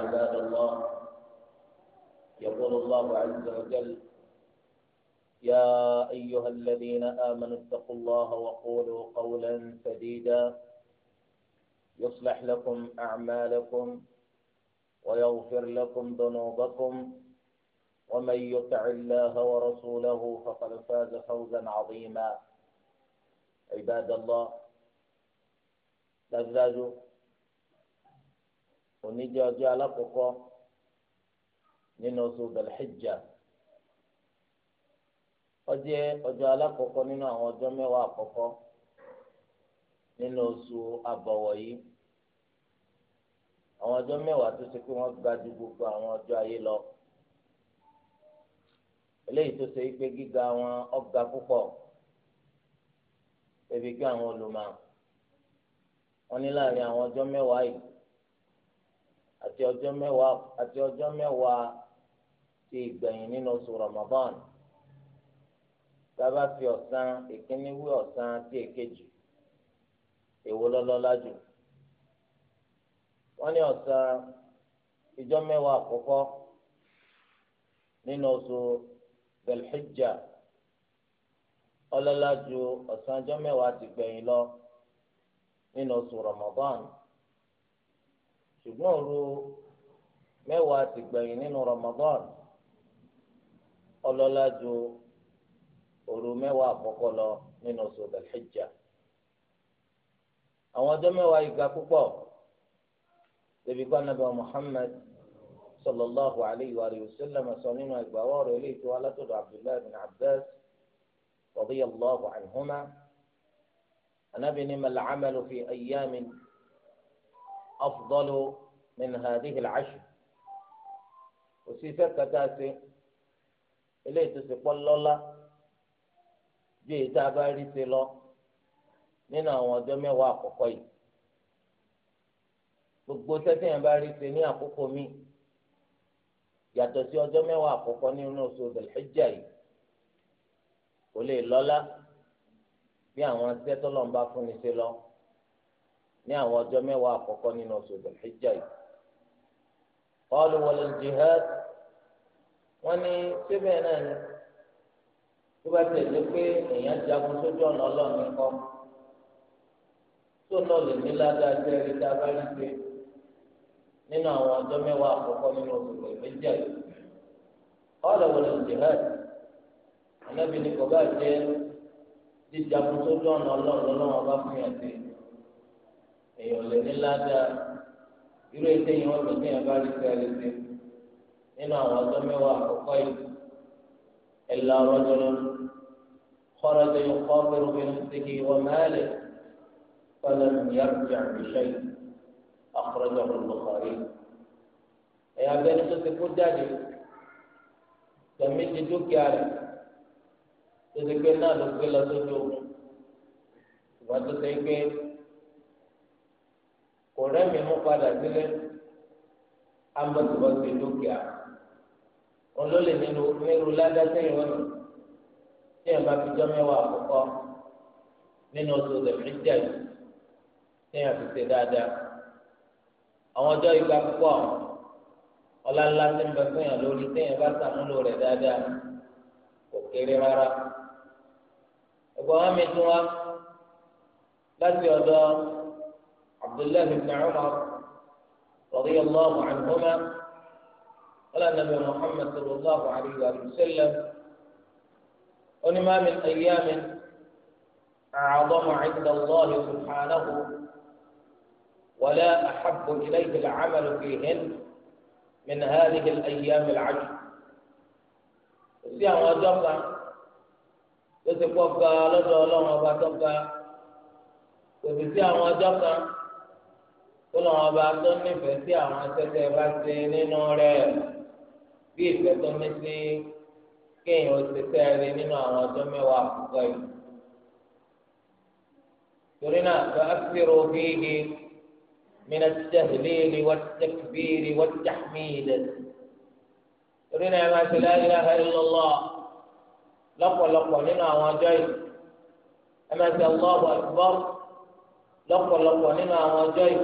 عباد الله يقول الله عز وجل يا أيها الذين آمنوا اتقوا الله وقولوا قولا سديدا يصلح لكم أعمالكم ويغفر لكم ذنوبكم ومن يطع الله ورسوله فقد فاز فوزا عظيما عباد الله دجاجه oníjẹ ọjọ́ alákọ̀ọ́kọ́ nínú oṣù belhijja ọjẹ ọjọ́ alákọ̀ọ́kọ́ nínú àwọn ọjọ́ mẹ́wàá àkọ́kọ́ nínú oṣù àbọ̀wọ̀ yìí àwọn ọjọ́ mẹ́wàá tó ṣe pé wọ́n ga ju gbogbo àwọn ọjọ́ ayé lọ eléyìí tó ṣe pé gíga wọn ọ̀gá púpọ̀ ebi kí àwọn olùmọ̀ wọn ní láàrin àwọn ọjọ́ mẹ́wàá yìí àti ọjọ́ mẹ́wàá àti ọjọ́ mẹ́wàá ti gbẹ̀yìn nínú oṣù Ramadan sábà fi ọ̀sán ìkíní wí ọ̀sán tí èkejì èwo lọ́lọ́lá jù wọ́n ní ọ̀sán ìjọ́ mẹ́wàá àkọ́kọ́ nínú oṣù belhijja ọlọ́lá jù ọ̀sán ìjọ́ mẹ́wàá ti gbẹ̀yìn lọ nínú oṣù Ramadan ṣùgbọ́n òru mẹ́wàá ti gbẹ̀yìn nínú Ramadan ọlọ́lá ju òru mẹ́wàá àkọ́kọ́ lọ nínú oṣù Dhul-Hijja àwọn ọjọ́ mẹ́wàá yìí ga púpọ̀ bẹ́ẹ̀ bí kọ́ Ànábì Muhammad sallallahu alayhi wa sallam sọ nínú ìgbàwọ́ ọ̀rọ̀ ilé ìtura látọ̀dọ̀ Abdullahi bin Abbas radiyallahu anhuma anabi ni mal fi ayyamin. أفضل من هذه العشر òṣìṣẹ́ kata ṣe eléyìí tó ṣe pọ́ lọ́lá bí èyí tá a bá rí ṣe lọ nínú àwọn ọjọ́ mẹ́wàá àkọ́kọ́ yìí gbogbo tẹ́tẹ́ yẹn bá rí ṣe ní àkókò mi yàtọ̀ sí ọjọ́ mẹ́wàá àkọ́kọ́ nínú oṣù dhul yìí kò lè lọ́lá bí àwọn ṣẹ́tọ́lọ́mbá fúnni ṣe lọ ní àwọn ọjọ́ mẹ́wàá àkọ́kọ́ nínú oṣù Dhul-Hijjah yìí. qalu wal-jihad wọ́n ní síbẹ̀ náà ni tó bá tẹ̀lé pé èèyàn jagun sójú ọ̀nà ọlọ́run nìkan tó náà lè ní ládàá jẹ́ rí dábàá pé nínú àwọn ọjọ́ mẹ́wàá àkọ́kọ́ nínú oṣù dhul yìí. qala wal-jihad anábìnrin kò bá jẹ́ jíjagun sójú ọ̀nà ọlọ́run lọ́wọ́ bá fún yàtọ̀ èèyàn lè ní ládàá irú ètò yìí wọn lò ní ẹ̀bá rí sẹ́ẹ̀lì sí nínú àwọn ọjọ́ mẹ́wàá àkọ́kọ́ yìí ẹ̀là ọ̀rọ̀jọ́ lọ kọ́ra tó yẹ kọ́ bẹ̀rù bẹ̀rù sí kí wọ́n mẹ́lẹ̀ kọ́lá nìyàrá jà bìṣẹ́ yìí àkọ́rọ́jọ́ olùkọ́rí tó ti kó jáde tẹ̀mí ti dúkìá rẹ̀ tó ti gbé náà ló gbé lọ sójú ìwà tó ti gbé kò rẹ́mi mú padà sílẹ̀ ambọ̀tìbọ̀tì dúkìá olólè nínú nínú ládàtẹ́ ìwọ́nù tí ẹ̀ bá fi jọ mẹ́wàá àkọ́kọ́ nínú oṣù lẹ́mìíjà yìí tí ẹ̀ fi ṣe dáadáa àwọn ọjọ́ ìgbà púpọ̀ ọlá ńlá ti ń bẹ fún yàn lórí tí ẹ̀ bá sàmúlò rẹ̀ dáadáa kò kéré rárá ẹ̀gbọ́n mi tún wá láti ọ̀dọ̀. عبد الله بن عمر رضي الله عنهما قال النبي محمد صلى الله عليه وآله وسلم ولما من أيام أعظم عند الله سبحانه ولا أحب إليه العمل فيهن من هذه الأيام العشر sí àwọn ọjọ́ kan tó ti pọ̀ ga lọ́dọ̀ ọlọ́run ọba tó ga kò sì sí àwọn ọjọ́ kan kólọ̀ wọn bá tó nífẹ̀ẹ́ sí àwọn asẹ́tẹ̀ bá ṣe nínú rẹ̀ bí ìfẹ́ tó ní sí kéèyàn ó ṣe sẹ́ẹ̀rẹ́ nínú àwọn ọjọ́ mẹ́wàá àkọ́kọ́ yìí. torí náà tó ásírò fíìdì من التهليل والتكبير والتحميد torí náà ẹ máa ṣe la ilaha illallah lọ́pọ̀lọpọ̀ nínú àwọn ọjọ́ yìí ẹ máa ṣe Allahu akbar lọ́pọ̀lọpọ̀ nínú àwọn ọjọ́ yìí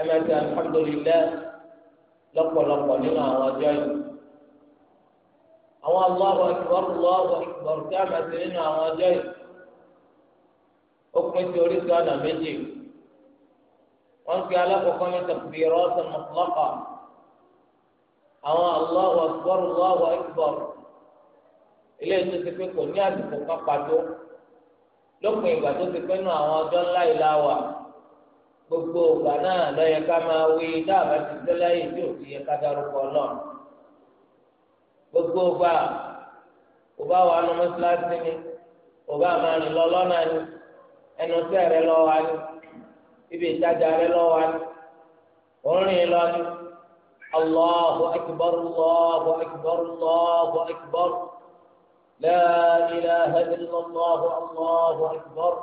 ẹ máa ti alhamdulillah lọ́pọ̀lọpọ̀ nínú àwọn ọjọ́ yìí àwọn Allahu akbar Allahu akbar tí a máa ti nínú àwọn ọjọ́ yìí ó pín sí oríṣi ọ̀nà méjì wọ́n ń pe alákọ̀ọ́kọ́ ní takbirat mutlaqa àwọn Allahu akbar Allahu akbar ilé ètò ti pé kò ní àsìkò kan pàtó lópin ìgbà tó ti pé nínú àwọn ọjọ́ ńlá ìlà wà gbogbo ìgbà náà lọ́yẹ ká máa wí dáàbà ti dẹ́lẹ́ yìí tí ò ti yẹ ká dárúkọ náà gbogbo ìgbà kò bá wà nù mọ́sálásí ni kò máa rìn lọ lọ́nà ni ẹnu sẹ́ rẹ lọ́ wa ni ibi ìtajà rẹ lọ́ wa ni òórìn lọ ni allahu akbar allahu akbar allahu akbar la ilaha illallah allahu akbar.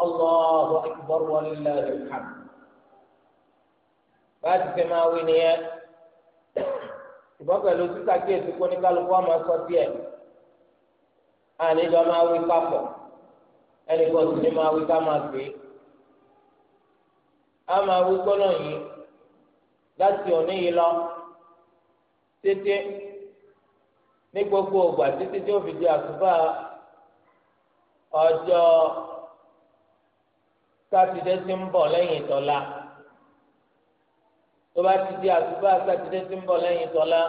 الله أكبر ولله الحمد بعد كما ونيا ṣùgbọ́n pẹ̀lú títà kíyèsí kó ní kálukú ọmọ sọ díẹ̀ àníjọ máa wí papọ̀ ẹnìkan sì ní máa wí ká máa gbé a máa wí gbọ́nà yìí láti òní yìí lọ títí ní gbogbo ògbà títí tí ó fi di àsùbá ọjọ́ sátidé tí ń bọ̀ lẹ́yìn tọ́lá tó bá ti di àsùbá sátidé tí ń bọ̀ lẹ́yìn tọ́lá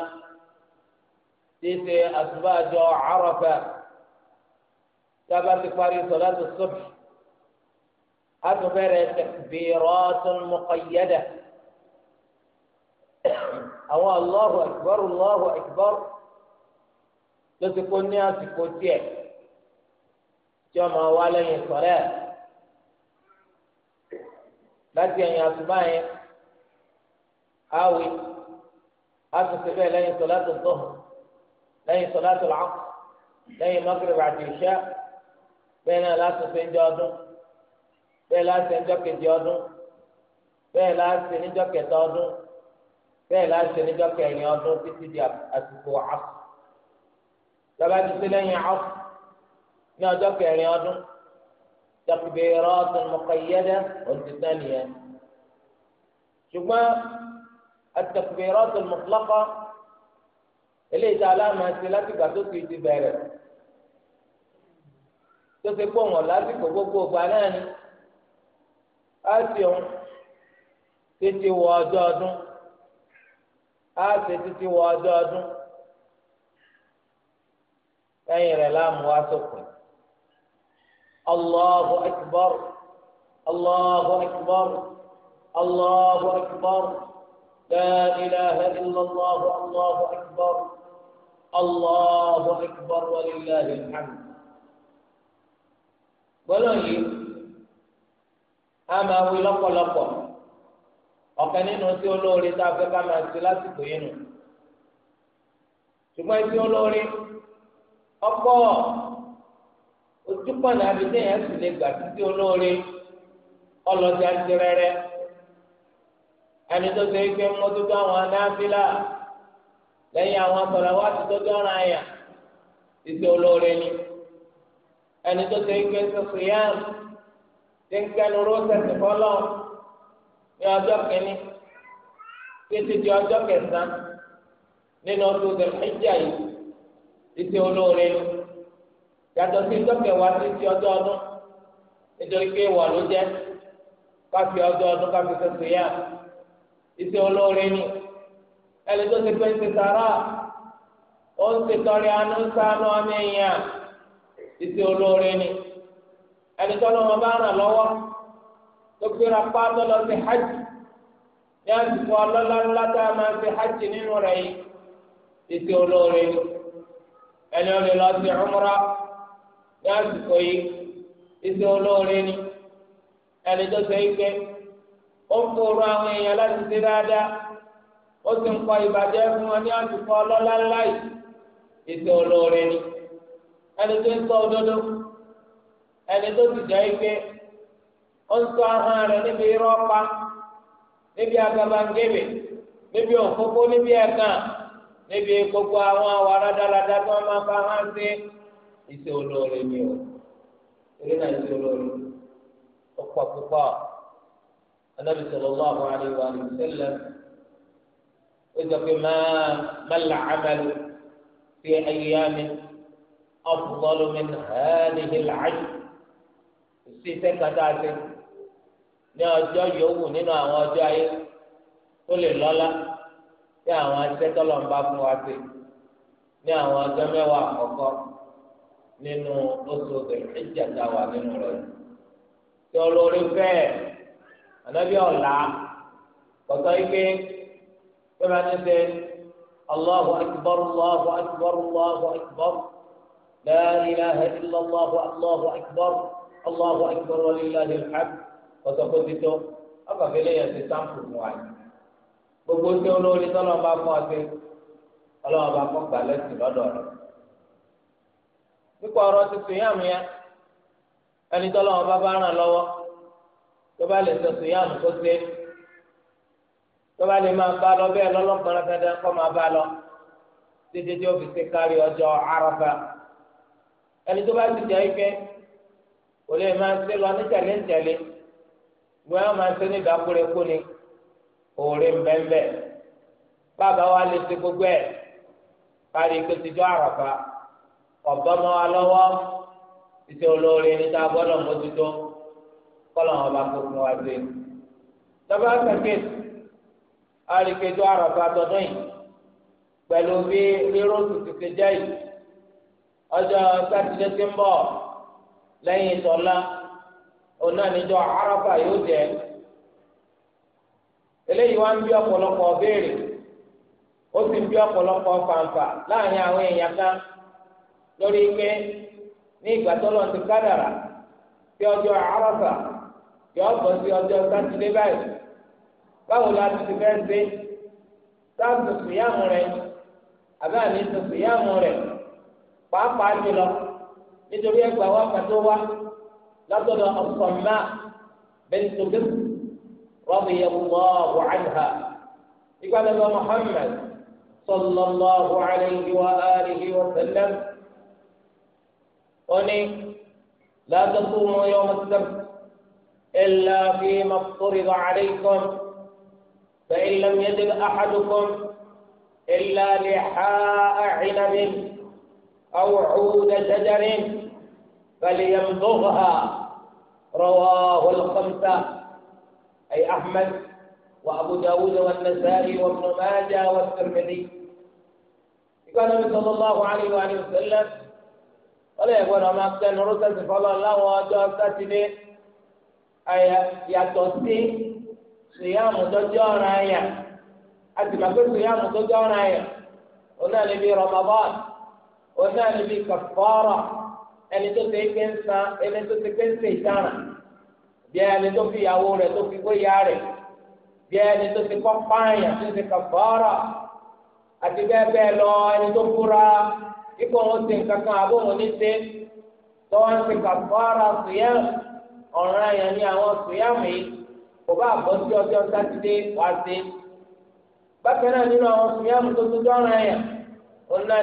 tí ṣe àsùbá jọ Àrafà tába ti parí sọlá tó sọ́bì àtúbẹ̀rẹ̀ takbiratul muqayyada àwọn Allahu akbar Allahu akbar ló ti kó ní àsìkò tiẹ̀ tí wọ́n máa wá lẹ́yìn sọ̀rẹ́ láti ẹ̀yìn àtúbá yẹn àwì àtúnṣe bẹ́ẹ̀ lẹ́yìn sọ̀láàtù dhuhr lẹ́yìn sọ̀láàtù al-'asr lẹ́yìn maghrib àti ìṣá bẹ́ẹ̀ náà látúnṣe ń jẹ ọdún bẹ́ẹ̀ láti ń jọ kejì ọdún bẹ́ẹ̀ láti níjọ kẹta ọdún bẹ́ẹ̀ láti níjọ kẹrin ọdún títí di àsìkò àf lọ́ba ti ṣe lẹ́yìn àf ní ọjọ́ kẹrin ọdún. تكبيرات مقيدة والثانية شوفوا التكبيرات المطلقة اللي تعالى ما سلاتي قاتوك يتبارك tóse kó wọn lásìkò gbogbo ọgbà náà ni á sì ń títí wọ ọjọ́ ọdún á sì títí wọ ọjọ́ ọdún lẹ́yìn rẹ̀ láàmú wá sópin الله أكبر الله أكبر الله أكبر لا إله إلا الله الله أكبر الله أكبر ولله الحمد gbọlọyìn a máa wí lọ́pọ̀lọpọ̀ ọ̀kan nínú tí olóore tá a fẹ́ ká máa ṣe lásìkò yìí nù ṣùgbọ́n tí olóore ọ̀pọ̀ ojúkọ̀nà abidjan yẹn sì lè gbà títí olóore ọlọ́jà ti rẹ́rẹ́ ẹni tó ṣe ike mọ́tótó àwọn anáfíà lẹ́yìn àwọn sọ̀rọ̀ wá ti tó dọ́ra yà títí olóore ni ẹni tó ṣe ike sọ̀sọ̀ yá ti ń kẹnu rósẹ̀sì fọlọ́ ní ọjọ́ kìíní títí di ọjọ́ kẹsàn-án nínú ọdún ìdẹ̀lẹ́jà yìí títí olóore ni yàtọ̀ sí ìjọkẹ̀ wa ti ti ọjọ́ ọdún nítorí pé wà ló jẹ́ káfí ọjọ́ ọdún káfí tuntun yá iṣẹ́ olóore ni ẹni tó ti pẹ́ ṣe sàrà ó ń ṣètọ́rẹ́ àánú sánú ọmọ èèyàn iṣẹ́ olóore ni ẹni tó lọ́mọ bá ràn lọ́wọ́ tó gbéra pátó lọ sí hajj ní àsìkò ọlọ́lá tá a máa ṣe hajj nínú rẹ̀ yìí iṣẹ́ olóore ni ẹni ó lọ sí umrah. ní àsìkò yìí iṣẹ́ olóore ni ẹni tó ṣe é pé ó ń kóró àwọn èèyàn láti ṣe dáadáa ó sì ń kọ ìbàjẹ́ fún wọn ní àsìkò ọlọ́lá ńlá yìí olóore ni ẹni tó ń sọ òdodo ẹni tó sì jẹ́ pé ó ń sọ ahọ́n rẹ̀ níbi irọ́ pa níbi agabangebe níbi òfófó níbi ẹ̀gàn níbi gbogbo àwọn tó máa iṣẹ́ olóore ni o eré náà iṣẹ́ olóore ọ̀pọ̀ púpọ̀ anabi sallallahu alaihi wa sallam ó sọ pé máa mẹ́là amalu fi ayyami afdalu min hadhihi al-'ashr sí iṣẹ́ kata ṣe ní ọjọ́ yòówù nínú àwọn ọjọ́ ayé ó lè lọ́lá bí àwọn aṣẹ́ fún wa ṣe ní àwọn ọjọ́ mẹ́wàá àkọ́kọ́ nínú oṣù ìjà tá a wà nínú rẹ̀ tí olórí fẹ́ ànábì ọ̀la kọ́tọ́ ike pé máa ní sẹ́ allahu akbar allahu akbar allahu akbar la ilaha illa allahu allahu akbar allahu akbar wa lillahi alhamd kó ti tó ọkàfẹ́ lẹ́yìn ẹ̀sìn sáǹpù mu wáyé gbogbo tí olórí tọ́lọ́ bá fọ́ ọ sí ọlọ́wọ́ bá kọ́ gbà nípa ọ̀rọ̀ tuntun yá mi yá ẹni tọ́lọ́ wọn bá bá ràn lọ́wọ́ tó bá lè sọ tuntun yá mi kó sé tó bá lè máa bá lọ bẹ́ẹ̀ lọ́lọ́gbọ̀n dandan kó máa bá lọ títí tí ó fi ṣe kárí ọjọ́ Àrafà ẹni tó bá ti jẹ́ ike kò lè máa ṣe lọ ní tẹ̀léńtẹ̀lé ìwé wọn máa ṣe ní ìdákúrekú ni òòrè mbẹ́mbẹ́ bàbá wa lè ṣe gbogbo ẹ̀ kárí ìpèsè ọjọ́ Àrafà. ọ̀bọ mọ́ wa lọ́wọ́ iṣẹ́ olóore ní tá a gbọ́dọ̀ mójútó kọ́lọ̀ wọn bá kó fún wa dé. tọ́ba sẹ́kẹ̀tì àríkèjọ àràfà tọdún yìí pẹ̀lú bí ríró tuntun ti jẹ́ yìí ọjọ́ sátidé ti ń bọ̀ lẹ́yìn ìtọ́lá yóò jẹ́ eléyìí wá ń bí ọ̀pọ̀lọpọ̀ béèrè ó sì ń bí lórí ike ní ìgbà tó lọ ti kádàrà sí ọjọ́ àràfà yọ bọ̀ sí ọjọ́ sátidé báyìí báwo la ti fẹ́ ṣe sáàtù síyàmù rẹ àbẹ́ àní tó síyàmù rẹ pàápàá jùlọ nítorí ẹgbàá wa pàtó wa látọ̀dọ̀ ọ̀sánmá rọ́bì àdìhà ìgbàlódé Muhammad sallallahu alayhi wa wa وني لا تصوموا يوم السبت إلا فيما افترض عليكم فإن لم يجد أحدكم إلا لحاء عنب أو عود شجر فليمضغها رواه الخمسة أي أحمد وأبو داود والنسائي وابن ماجه والترمذي كان النبي صلى الله عليه وآله وسلم wọ́n lè gbọ́dọ̀ máa kẹnu rọ́sẹ̀sì fọlọ́ láwọn ọjọ́ sátidé yàtọ̀ sí sùyàmù tọ́jú ọ̀ràn àyà àti màgbé sùyàmù tọ́jú ọ̀ràn àyà òun náà níbi Ramadan òun náà níbi kàfọ́rọ̀ ẹni tó ti gbé ń san ẹni tó ti gbé ń ṣe ìtara bí ẹni tó fi ìyàwó rẹ̀ tó fi gbóyà rẹ̀ bí ẹni tó ti kọ́ pààyàn tó ti kàfọ́rọ̀ àti bẹ́ẹ̀ bẹ́ẹ̀ lọ ẹni tó fura. ipò wọn ti nǹkan kan àbó wọn ní ṣe lọ́wọ́ ń ṣe kàfàrà sùyàm ọ̀ràn àyàn ni àwọn sùyàm yìí kò bá bọ́ sí ọjọ́ sátidé wá sí. bákan náà nínú àwọn tó dọ́ràn àyàn òun náà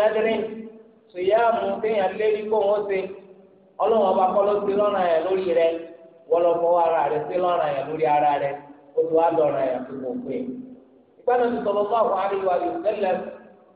nàdírìn téèyàn wọn ọlọ́wọ́n kọ́ ló lọ́ràn àyàn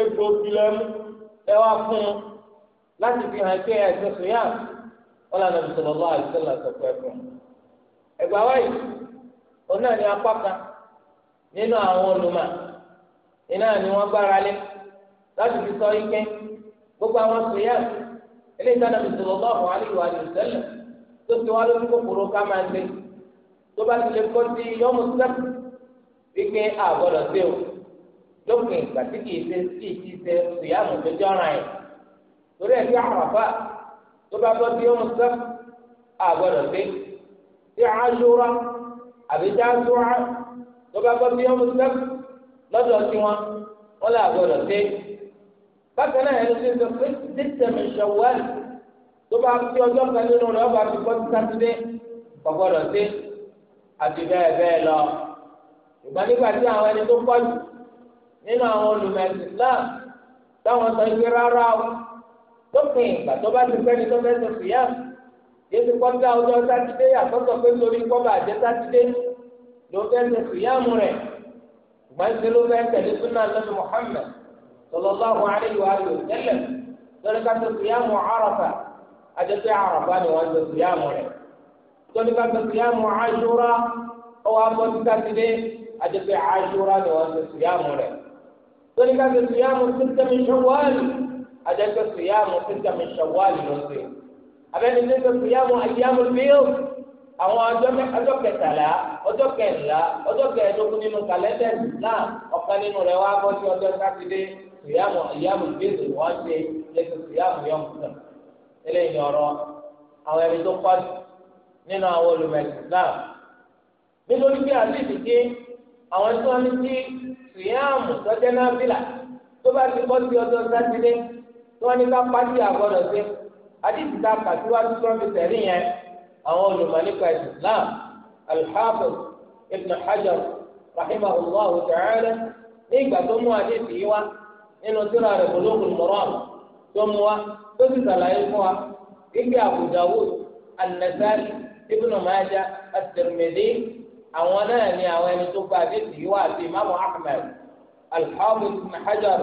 egbò tilẹ̀mú ẹ wá fún un láti fi hàn pé ẹ̀sìn sòyà ọ̀làdà bisalòlá àìsílà sọ̀kọ̀ ẹ̀fọn. ẹ̀gbà wáyé òun náà ní apá kan nínú àwọn olùmọ̀ iná ni wọ́n gbára lé láti fi sọ ike gbogbo àwọn sòyà eléyìí tánà bisalòlá ọ̀hún aláìwá àdìsẹ́lẹ̀ tó ti wá lórí kòkòrò ká máa gbé tó bá ti lè kọ́ sí wípé sí o. lópin ìgbà tí kìí ṣe tí kìí ṣe ìyáàmù tó jọra yẹn torí ẹbí àràfà tó bá bọ́ sí ọmọ umm sọ àgbọ̀dọ̀ sí tí àṣúra àbí jáṣúra tó bá bọ́ sí ọmọ umm sọ lọ́dọ̀ sí wọn wọn lè àgbọ̀dọ̀ sí bákan náà ẹni tó ń sọ pé dísẹ̀mì ṣọwọ́ọ̀lì tó bá sí ọjọ́ kan nínú rẹ̀ ọba fi bọ́ sátidé ọgbọ́dọ̀ sí àti bẹ́ẹ̀ bẹ́ẹ̀ lọ ìgbà nígbà tí àwọn ẹni tó pọ̀ jù nínú àwọn olùmẹ̀sì islam táwọn sọ pé rárá o lópin ìgbà tó bá ti fẹ́ni tó fẹ́ẹ́ sọ̀tù yá yéésù kọ́ńtà ọjọ́ sátidé àtọ́tọ̀ pé torí kọ́ba àjẹ́ sátidé ló fẹ́ẹ́ sọ̀tù yá mu rẹ̀ ṣùgbọ́n ṣe ló fẹ́ẹ́ tẹ̀lé súnà lọ́dún Muhammad sallallahu alaihi wa sallam lórí ká sọ̀tù yá mu Arafa àjẹ́ pé Arafa ni wọ́n sọ̀tù yá mu rẹ̀ lórí ká sọ̀tù yá mu Ashura ọwọ́ abọ́ sátidé àjẹ́ pé Ashura ni wọ́n sọ̀tù yá mu rẹ̀ tóní ká ṣe sùyàmù sísẹmì ṣọwọ́ọ̀lì àjẹsẹ̀ sùyàmù sísẹmì ṣọwọ́ọ̀lì ló ṣe abẹ́ni ṣe ṣe sùyàmù àyàmù bíl àwọn ọjọ́ kẹtàlá ọjọ́ kẹrìnlá ọjọ́ kẹẹ̀ẹ́dógún nínú kàlẹ́ndà náà ọ̀kan nínú rẹ̀ wá bọ́ sí ọjọ́ sátidé sùyàmù àyàmù bíl wọ́n ṣe ṣe sùyàmù yọ̀mùsọ̀ eléyìí ọ̀rọ̀ àwọn ẹni tó kọ́ nínú àwọn olùmọ̀ náà nítorí bí àdéhìí àwọn tí wọ́n ti fìyàmù tọ́jẹ́ náà bílà tó bá ti bọ́ sí ọjọ́ sátidé tí wọ́n ní ká pàṣẹ àgbọ̀dọ̀ sí àdìsí ta kàtíwájú tó ń fi tẹ̀lé yẹn àwọn olùmọ̀ Islam al ibn Hajar rahimahullah ta'ala ní ìgbà tó mú àdìsí yìí wá nínú tírà rẹ̀ Bulughul Maram tó mú wá tó sì sàlàyé fún wa ike Abu Dawud an ibn Majah at àwọn náà ni àwọn ẹni tó gba àdéhùn yìí wà sí imáàmù ahmed alhamdulilayi ibn hajar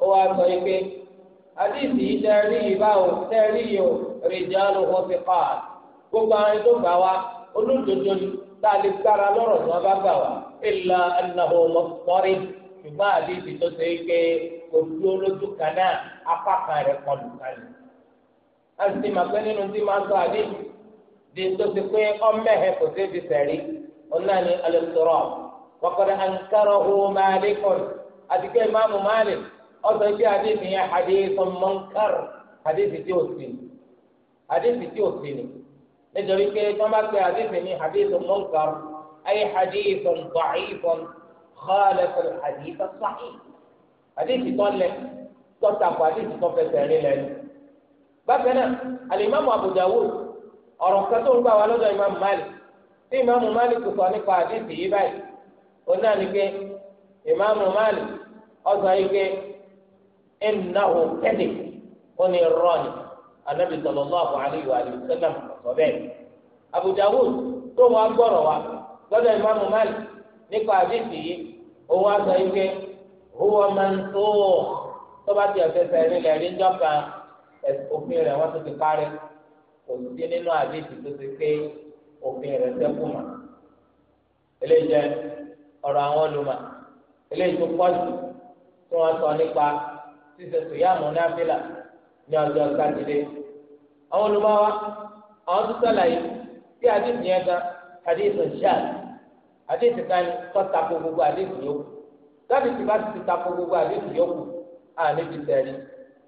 ó wàá sọ yìí pé àdéhùn yìí tẹ́rí yìí báwo tẹ́rí yìí o rìjálù wọ́pẹ́ pààl gbogbo àwọn ẹni tó gbà wá olódodo ni tá a lè gbára lọ́rọ̀ tí wọ́n bá gbà wá ìlà ẹnìnàbọ̀ lọ́pọ́rí ṣùgbọ́n àdéhùn tó ṣe é pé ojú olójú kan náà apá kan rẹ̀ kọlù kan ni. a nínú tí máa sọ àdéhùn di tó ṣe pé ọmọ ẹ̀hẹ́ kò ọ̀nà ni alẹ́sọ̀rọ̀ wọ́pẹ́rẹ́ ànkárọ̀ hó Malikun àtikẹ́ ìmáàmù Malik ọ̀sọ̀ ìdí àdéhùn yẹn àdéhùn mọ́nkárù àdéhùn tí ó sì ní àdéhùn tí ó sì ní nítorí pé tí wọ́n bá pe àdéhùn ní àdéhùn mọ́nkárù ayé àdéhùn da'ifun khalafa àdéhùn sahih àdéhùn tó tọ́ta tí ìmáàmù Malik sọ nípa àdìsí yìí báyìí ó náà ní pé ìmáàmù Malik ọ̀sán yìí pé ẹnìnáwó kẹ́dì ó ní rọ́ọ̀nì anábì sallallahu alayhi wa sallam sọ bẹ́ẹ̀. Abu Dawud tó wọn gbọ́rọ̀ wa ìmáàmù Malik nípa àdìsí yìí òun á yìí pé huwa tó bá òfin rẹ̀ sẹ́kù mọ́ eléyìí jẹ́ ọ̀rọ̀ àwọn olùmọ̀ eléyìí tó pọ̀ jù tí wọ́n sọ nípa ṣíṣe sòyàmù náfìlà ní ọjọ́ sátidé àwọn olùmọ̀ wa àwọn tó tí àdéhùn yẹn gan àdéhùn ṣáà àdéhùn kan tako gbogbo àdéhùn yòókù láti ti bá ti tako gbogbo àdéhùn yòókù tẹ̀lé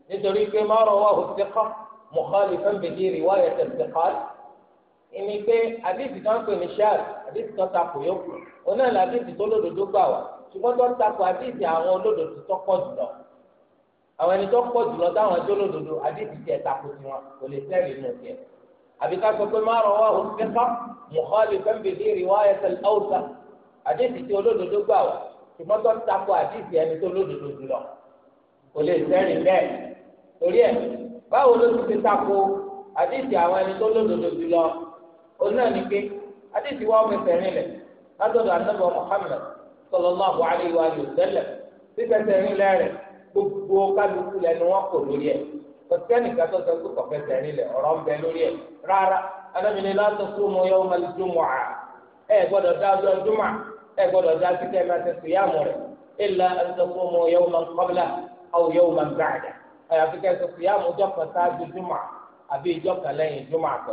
nítorí pé márùn ìní pé àdéhìí tó ń pè ní ṣáàlì àdéhìí tó takò yókù òun náà làdéhìí tó lódodo gbà wá ṣùgbọ́n tó takò àdéhìí àwọn olódodo tó pọ̀ jùlọ àwọn ẹni tó pọ̀ jùlọ táwọn ẹjọ́ lódodo àdéhìí tiẹ̀ takò tiwọn kò lè sẹ́rì nù tiẹ̀ àbí ká sọ pé má rọ wá òun fẹ́fà mùhálì fẹ́ǹbìlì rìwáyà sẹ́lẹ̀ áwùsà àdéhìí tí olódodo gbà wá ṣùgbọ́n tó takò àdéhìí ẹni tó lódodo jùlọ kò takò àdéhìí ẹni tó lódodo onáà ní pé adéṣì wa ọmọ ẹsẹ̀ rìn lẹ̀ látọ̀dọ̀ anábọ̀ Muhammad sallallahu alayhi wa sallam fífẹsẹ̀ rìn lẹ̀ rẹ̀ gbogbo kálukú lẹ́nu wọn kò lórí ẹ̀ kátó sọ pé lẹ̀ ọ̀rọ̀ ń bẹ lórí ẹ̀ rárá látọ̀ ọmọ gbọ́dọ̀ dá ọjọ́ jùmọ̀ gbọ́dọ̀ dá síkẹ́ máa sọ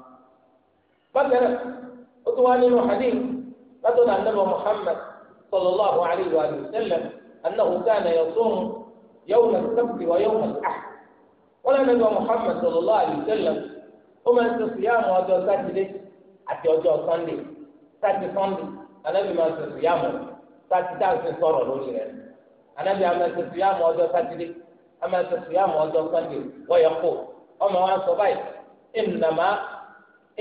bákan ó tún wá nínú hadith látọ̀dọ̀ anábọ̀ muhammad sallallahu alayhi wa sallam anáhu kánà yasum yawm as-sabt wa yawm al-ahad wọn lẹ́nu anábọ̀ muhammad sallallahu alayhi wa sallam ó máa ń sọ síyàmù ọjọ́ sátidé àti ọjọ́ sunday sátidé sunday anábì máa ń sọ síyàmù sátidé àti sọ̀rọ̀ lórí rẹ̀ anábì máa ń sọ síyàmù ọjọ́ sátidé máa ń sọ síyàmù ọjọ́ sunday wọ́yọ̀ kó ọmọ wa sọ báyìí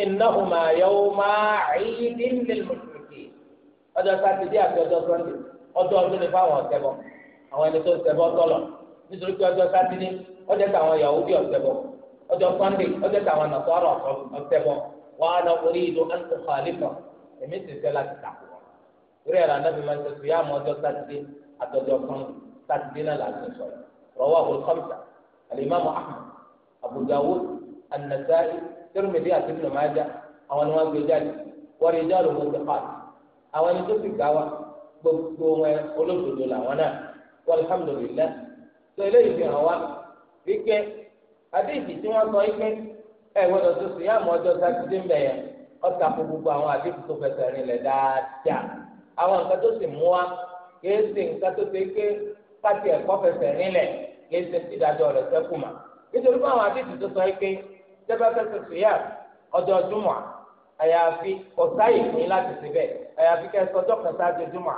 innahuma yawma 'eedin lil mushrikeen ọjọ́ sátidé àti ọjọ́ sọ́ndé ọdún ọdún ní fáwọn ọ̀sẹ̀bọ àwọn ẹni tó ṣẹbọ tọ̀lọ̀ nítorí pé ọjọ́ sátidé ọjọ́ táwọn Yahudi ọ̀sẹ̀bọ ọjọ́ sọ́ndé ọjọ́ táwọn Nasara ọ̀sẹ̀bọ wọn àná orí ìlú ẹ̀ńtọ́ kàlífọ̀ èmi ti fẹ́ láti tàkù wọn. orí ẹ̀rọ anábì máa ń sọ fìyà mọ́ ọjọ́ sátidé àtọ́jọ́ sọ́ndé sátidé náà láti sọ̀rọ̀ rawahu al-khamsa al-imam Ahmad Abu Dawud an-Nasa'i Tirmidhi àti Ibn Majah àwọn ni wọ́n gbé jáde wọ́n rí jáde wọ́n ti pààtì àwọn ẹni tó fi gbà wá gbogbo wọn olódodo làwọn náà walhamdulillah tó eléyìí fi hàn wá wípé àdéhìí tí wọ́n sọ wípé ẹ gbọ́dọ̀ tó sùn yáàmú ọjọ́ sátidé ń bẹ̀ yẹn ọ̀tà kó gbogbo àwọn àdéhìí tó fẹsẹ̀ rìn lẹ̀ dáadáa àwọn nǹkan tó sì mú wa kìí ṣe nǹkan tó ṣe pé káti ẹ̀kọ́ fẹsẹ̀ rìn lẹ̀ kìí ṣe ti dájọ́ rẹ̀ sẹ́kù mà nítorí pé àwọn àdéhìí tó sọ wípé tẹ́bàtẹ́sẹ̀ sùyà ọjọ́ ya àyàfi ọ̀sáyè a yín láti ṣe bẹ́ẹ̀ àyàfi kẹ́sọ̀ ọjọ́ kan sáájú júmọ̀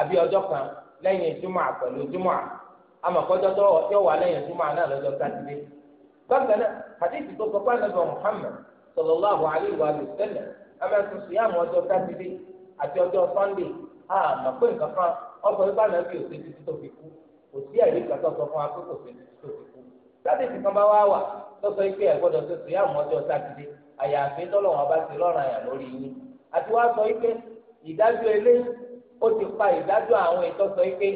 àbí ọjọ́ kan lẹ́yìn júmọ̀ pẹ̀lú amakọ́jọ́ tó yọ wà lẹ́yìn júmọ̀ náà lọ́jọ́ sátidé. wa sallam ọjọ́ sátidé àti ọjọ́ nǹkan kan lọ́sọ̀ yìí pé ẹ̀ gbọ́dọ̀ ṣe sùn yá mọ́jọ́ sátidé àyàfi tọ́lọ̀ wọn bá ti lọ́ràn àyà lórí yín àti wá sọ wípé ìdájọ́ eléyìí ó ti pa ìdájọ́ àwọn ètò sọ wípé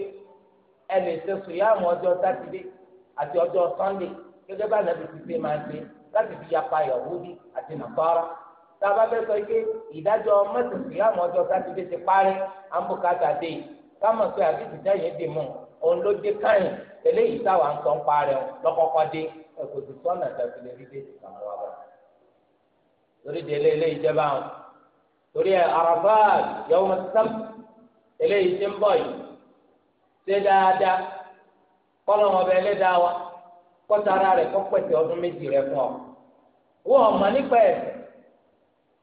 ẹ lè ṣe sùn yá mọ́jọ́ sátidé àti ọjọ́ sọ́ndé gẹ́gẹ́ bá nàbí ti ṣe máa ṣe láti fi yapa Yahudi àti nàkọ́rọ́ tá a bá fẹ́ sọ wípé ìdájọ́ mẹ́sàn sùn yá mọ́jọ́ sátidé ti parí àǹbùkátà dé ká mọ̀ pé àbí ìtìjáyé dì mọ́ òun ló dé káyìn tẹ̀lé ìtawà ẹ̀kọ́ ti sọ́nà tàbí lè rí déètì kan wá bá torí délé eléyìí jẹ́ báwọn torí ẹ̀ Arafat yawm as-sabt eléyìí ti ń bọ̀ yìí ṣe dáadáa kọ́lọ́ wọn bẹ ẹlẹ́dàá wa kọ́tara rẹ̀ kọ́ pẹ̀sẹ̀ ọdún méjì rẹ̀ fún ọ wọ́n ọ̀mọ̀ nípa ẹ̀sìn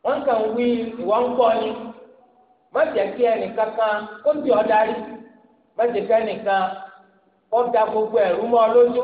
wọ́n kàn wí ìwà ń kọ́ ni má jẹ́ kí ẹnìkan kan kó di ọ̀darí má jẹ́ kí ẹnìkan kọ́ da gbogbo ẹ̀rú mọ́ lójú.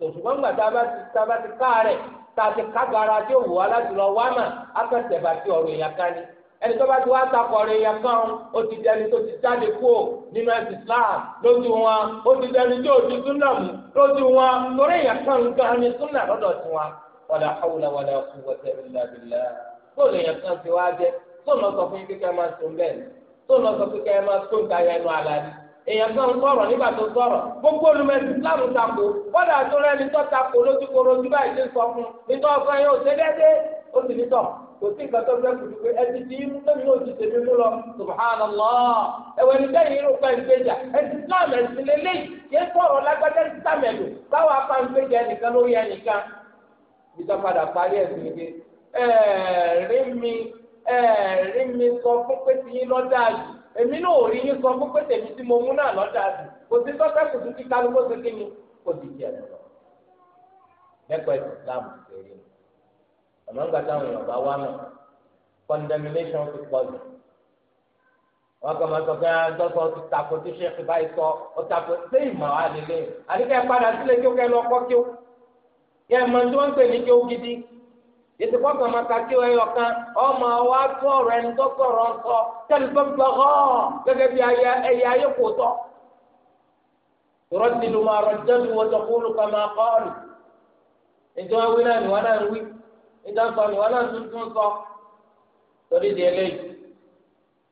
ṣùgbọ́n gbà tá a bá ti ká rẹ̀ tá a ti ká gara tí ó wù wá láti lọ wá mà á kàn tẹ̀bà sí ni ẹni tó bá ti wá takọ̀ ọ̀rọ̀ èèyàn kan ó ti dẹni tó ti jáde kúò nínú ẹ̀sìn Islam lójú wọn ó ti dẹni tó ti súnà mú lójú wọn torí èèyàn kan gan ni súnà lọ́dọ̀ wọn. ti èèyàn kan ń tọrọ nígbà tó sọ̀rọ̀ gbogbo olùmẹ̀sì islam tako bọ́dà tó rẹ́ni tó tako lójúkoro bí báyìí ṣe sọ fún ìtọ́ ọ̀sán yóò ṣe déédéé ó sì ní tọ̀ kò sí nǹkan tó fẹ́ pé ẹtì tí tèmi mú lọ subhanallah ẹ̀wẹ̀ ní sẹ́yìn irú pa ìgbéjà ẹtì islam lágbájá ìgbéjà èmi náà ò rí yín sọ fún pé tèmi tí mo mú náà lọ́dà sí kò sí tọ́ka kò sí kíkà ló ṣe kí ni kò sì jẹ lọ. lẹ́kọ̀ọ́ ẹ̀sìn Islam ṣe rí mi ọ̀nà ńgbà táwọn èèyàn bá wá mọ̀ condemnation ti pọ̀ jù wọ́n kọ́ máa sọ pé àádọ́sọ ah, ti tako tí sèkì báyìí sọ ọ tako ṣé ìmọ̀ wa lélẹ̀ àdìgẹ́ padà sílé kí ó kẹ́ lọ́kọ́ kí ó yẹ mọ̀ tí wọ́n ń pè ní kí ó gidi yìí kọ́ sọ ma kàkí wọ ẹyọ kan ọmọ wa tó ọ̀rọ̀ ẹni tó sọ̀rọ̀ nsọ tẹlifọ gbọ họ gẹ́gẹ́ bí ayé ẹyẹ ayé kò tọ. rọ́tìlù máa rọ́tìlù wọ́n tọkúlù kọ́ máa kọ́ ọ̀lù. ìjọ wí náà nìwọ́n náà ń wí ìjọ sọ nìwọ́n náà tuntun sọ. torí di eléyìí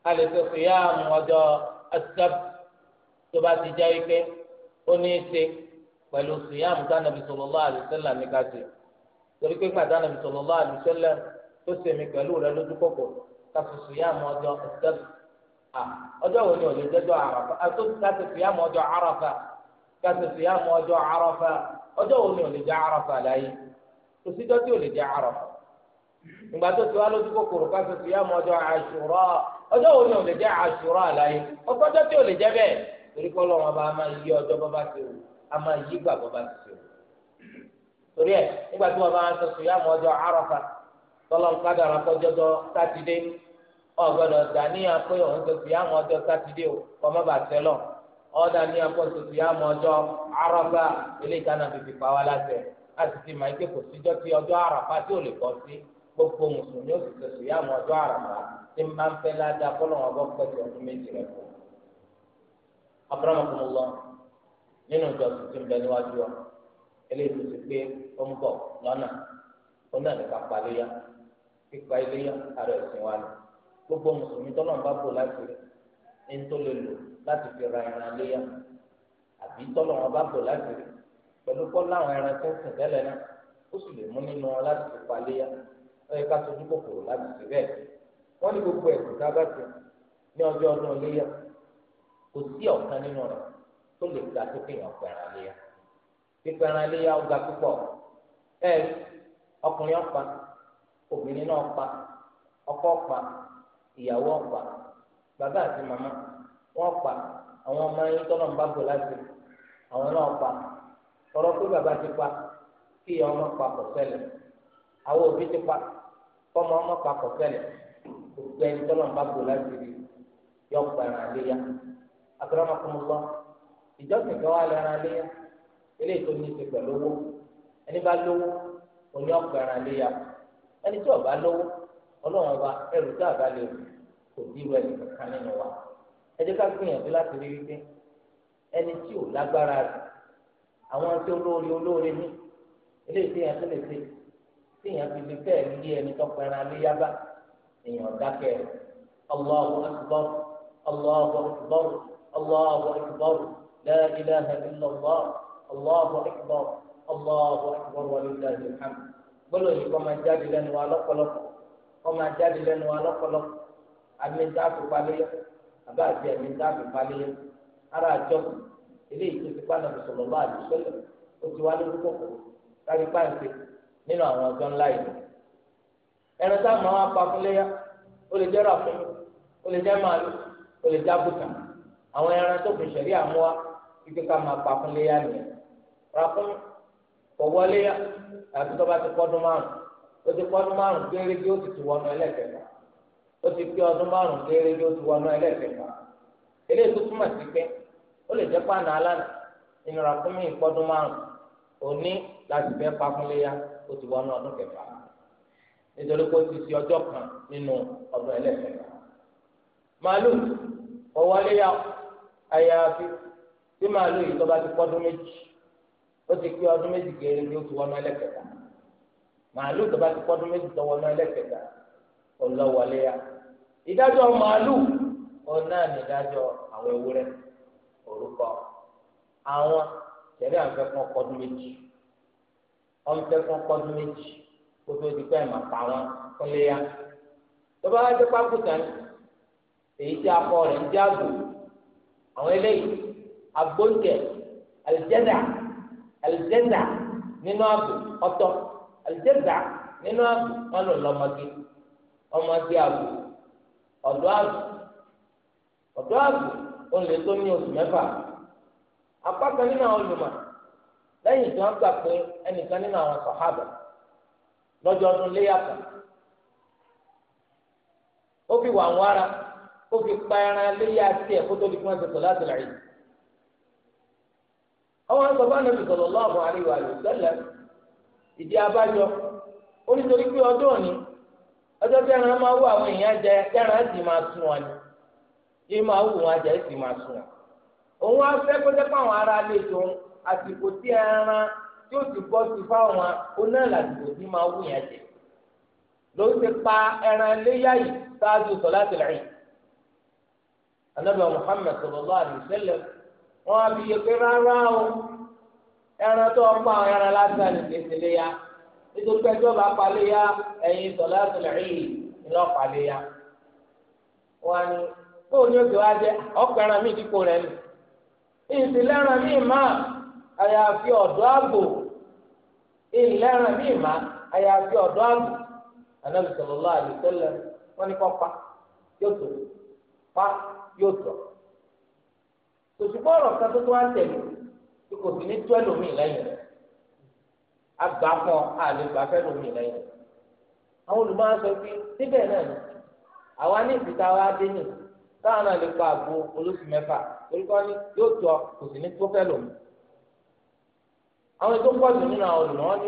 a lè fi fìyà mú ọjọ́ asab tó bá ti jẹ́ ike ó ní í ṣe pẹ̀lú fìyà mú sanabi sọlọ́lá àdìsẹ́là ní ká ṣe torí pé gbàdá nàbì sallallahu alaihi wasallam tó sèmi pẹ̀lú rẹ lójú kòkò kàtúntù yá mọ ọjọ́ ẹ̀dẹ́bù à ọjọ́ wo ni ò lè dẹ́jọ́ àràfà àtó kàtúntù yá mọ ọjọ́ àràfà kàtúntù yá mọ ọjọ́ àràfà ọjọ́ wo ni ò lè jẹ́ àràfà láyé kò síjọ́ tí ò lè jẹ́ àràfà ìgbà tó ti wá lójú kòkòrò kàtúntù yá mọ ọjọ́ àṣùrà ọjọ́ wo ni ò lè jẹ́ àṣùrà láyé ọgbọ́jọ́ tí ò lè jẹ́ bẹ́ẹ̀ torí kọ́ lọ́wọ́ bá a máa yí ọjọ́ bọ́ torí ẹ nígbà tí wọn bá ń sọ sùn yàmù ọjọ́ àràfà tọlọ nkádàrà kọjọjọ sátidé ọgbọdọ dàníyàn pé òun sọ sùn yàmù ọjọ́ sátidé o kọmọ bàtẹ lọ ọdà ní akọsọ sùn yàmù ọjọ́ àràfà eléyìí tánà fìfì pa wá láṣẹ láti fi máa ń ké kò síjọ tí ọjọ́ àràfà tí ò lè kọ sí gbogbo mùsùlùmí ó sì sọ sùn yàmù ọjọ́ àràfà tí máa ń fẹ́ ládàá kọ́lọ̀ wọn bọ́ pẹ̀sẹ̀ ọdún pé ó ń bọ̀ lọ́nà ó náà nípa paléyà iléyà ara ẹ̀sìn wa ni gbogbo mùsùlùmí tọ́lọ̀ ń bá bò láti rí tó lè lò láti fi ra ìran léyà àbí tọ́lọ̀ wọn bá bò láti rí pẹ̀lú kọ́ láwọn ẹran tó ń sìn tẹ́lẹ̀ náà ó sì lè mú nínú wọn láti a bá ti ní ọjọ́ ọdún léyà kò sí ọ̀kan nínú rẹ̀ tó lè tó pẹ̀ràn bẹ́ẹ̀ ọkùnrin ọpa obìnrin náà pa ọkọ pa ìyàwó ọpa bàbá àti màmá wọn pa àwọn ọmọ yín tọ́lọ̀ ń bá bò láti àwọn náà pa ọ̀rọ̀ pé bàbá ti pa kí ìyá ọmọ pa kò àwọn òbí ti pa ọmọ pa kò ẹni ń bá bò láti rí yọ pa lọ ìjọsìn kan wà eléyìí tó ní ẹni bá lówó oní ọgbàrà ya ẹni tí ọba lówó ọlọ́run ọba ẹrù tí àbá lè rù kò bí ẹni kankan nínú wa ẹ ká gbìyànjú láti rí wípé ẹni tí ò lágbára rẹ̀ àwọn tí olóore olóore ní eléyìí tí èèyàn tó lè ṣe tí èèyàn fi lè fẹ́ lé ẹni tó pẹran léyàbá èèyàn dákẹ́ Allahu akbar Allahu akbar Allahu akbar Allahu akbar wa lillahi alhamd gbọ́dọ̀ yìí kọ́ máa jáde lẹ́nu wa lọ́pọ̀lọpọ̀ kọ́ máa jáde lẹ́nu wa lọ́pọ̀lọpọ̀ àmì ń dáàbò paléyọ àbá àti àmì ń dáàbò paléyọ ara àjọ eléyìí tó ti pa náà sọ̀rọ̀ bá àdìsọ́lẹ̀ ó ti wá lórí kòkò kárí páǹpẹ́ nínú àwọn ọjọ́ ńlá yìí ẹran tá a máa wá pa fúnléyà ó lè jẹ́ ràfún ó lè jẹ́ màálù ó lè jẹ́ àbùtà àwọn ẹran tó kù sẹ̀rí àmúwá kíkẹ́ ká máa pa fúnléyà nìyẹn ràfún kò wọlé yá àti tó bá ti kọ́dún márùn o ti kọ́dún márùn kéré kí ó ti ti wọnú ẹlẹ́kẹ̀ẹ́fà ó ti pé ọdún márùn ti eléyìí tó sí pé lè pàánà alánà ìnira fún mi márùn òní láti ti kẹfà nítorí ti kan nínú màálù tí màálù yìí ti méjì ó ti pé ọdún méjì kéré ni ó ti wọnú ẹlẹ́kẹta màálù tó bá ti pọ́ ọdún méjì tó wọnú ẹlẹ́kẹta ọlọ́wọlé ya ìdájọ́ màálù òun náà ní ìdájọ́ àwọn ewúrẹ́ orúkọ àwọn tẹ̀lé àǹfẹ̀kọ́ ọdún méjì ọ̀nfẹ̀kọ́ ọdún méjì kó tó di pẹ́ màá pa wọn kọ́lé tó bá wá dé pákúta ní èyí tí akọ rẹ̀ ń jágò àwọn eléyìí agbóńtẹ̀ àlìjẹ́dà. alìjẹ́zà nínú ààbò ọ̀tọ̀ alìjẹ́zà nínú ààbò wọn lò lọ́mọdé ọmọdé ààbò ọ̀dọ́ ààbò ọ̀dọ́ ààbò ní oṣù mẹ́fà apá kan nínú àwọn tí wọ́n gbà pé ẹnìkan nínú àwọn sàhábà lọ́jọ́ ọdún léyàtọ̀ ó fi wà ń wára ó fi pa léyà kó tó di fún tó láti rà yìí. àwọn àgbàgbà nàbì sallallahu alaihi wa sallam ìdí abájọ ó nítorí pé ọjọ́ òní ọjọ́ tẹ́ran máa wú àwọn èèyàn jẹ tẹ́ran sì máa sùn wọn ni yìí máa wù wọn jẹ sì máa sùn wọn. òun á fẹ́ kó àwọn ará lè tó àsìkò tí ẹran tí ó ti bọ́ sí fáwọn tí máa wù yẹn jẹ ló ti pa ẹran léyà yìí wọn á fi yẹ pé rárá o ẹran tó ọ̀pọ̀ àwọn ẹran lásán ní ìdílé ya nítorí pé ẹjọ́ bá palẹ̀ ya ẹ̀yin sọ̀lá sọ̀lá yìí ni lọ́ọ́ palẹ̀ ya wọn ni kó o ní oṣù wa jẹ ọ̀pọ̀ ẹran mi dípò rẹ nù ìsìlẹ́ràn mi má àyàfi ọ̀dọ́ àgbò ìlẹ́ràn mi má àyàfi ọ̀dọ́ àgbò Ànábì sallallahu wọn ni kọ́ pa yóò tó pa yóò tọ̀. kò ọ̀rọ̀ kan tó tó wá tẹ̀lé tí kò sì ní tó ẹlòmíì lẹ́yìn rẹ̀ kan àlè gbàfẹ́ lòmíì lẹ́yìn náà ni àwa ní ìfìta wa dé nì táwọn náà lè pa àgbo olóṣù mẹ́fà ni yóò tọ́ kò sì ní tó ni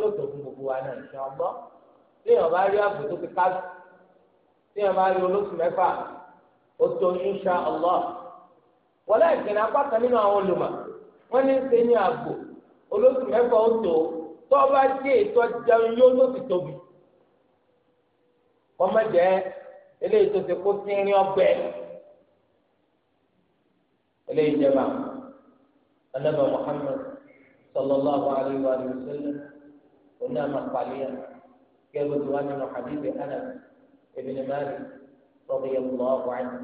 yóò gbogbo wa náà ìṣẹ́ ọgbọ́n tí èèyàn bá rí àgbò tó fi ká tí èèyàn wọlé ìgbìnà apá kan nínú àwọn olùmọ̀ wọ́n ní ṣe ní àgbò olóṣù mẹ́fà ó tó tó bá dé ètò jẹun yóò ló ti tóbi kọ́mọ̀jẹ́ eléyìí tó ti kó sínrin ọgbẹ́ eléyìí jẹ́ bá anábà Muhammad sallallahu alayhi wa sallam oní àmà pàlíyà kí bó ti wá nínú hadith Anas ibn Malik radiyallahu anhu.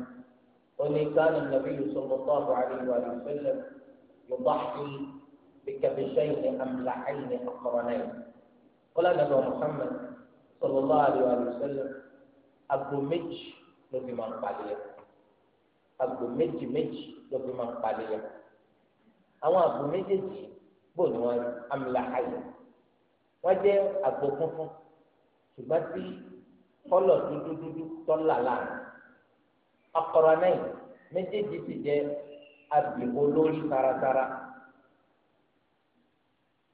قل كان النبي صلى الله عليه وآله وسلم يضحي بكبشين أملحين أقرنين قل النبي محمد صلى الله عليه وآله وسلم أبو مج لبي من قليل أبو مج مج لبي من قليل àwọn àgbò méjèèjì bò ní wọn amla ayò funfun ṣùgbọ́n tí kọ́lọ̀ dúdú dúdú tọ́lá láàrin akọrọnẹyìn méjèèjì ti jẹ abì olórí taratara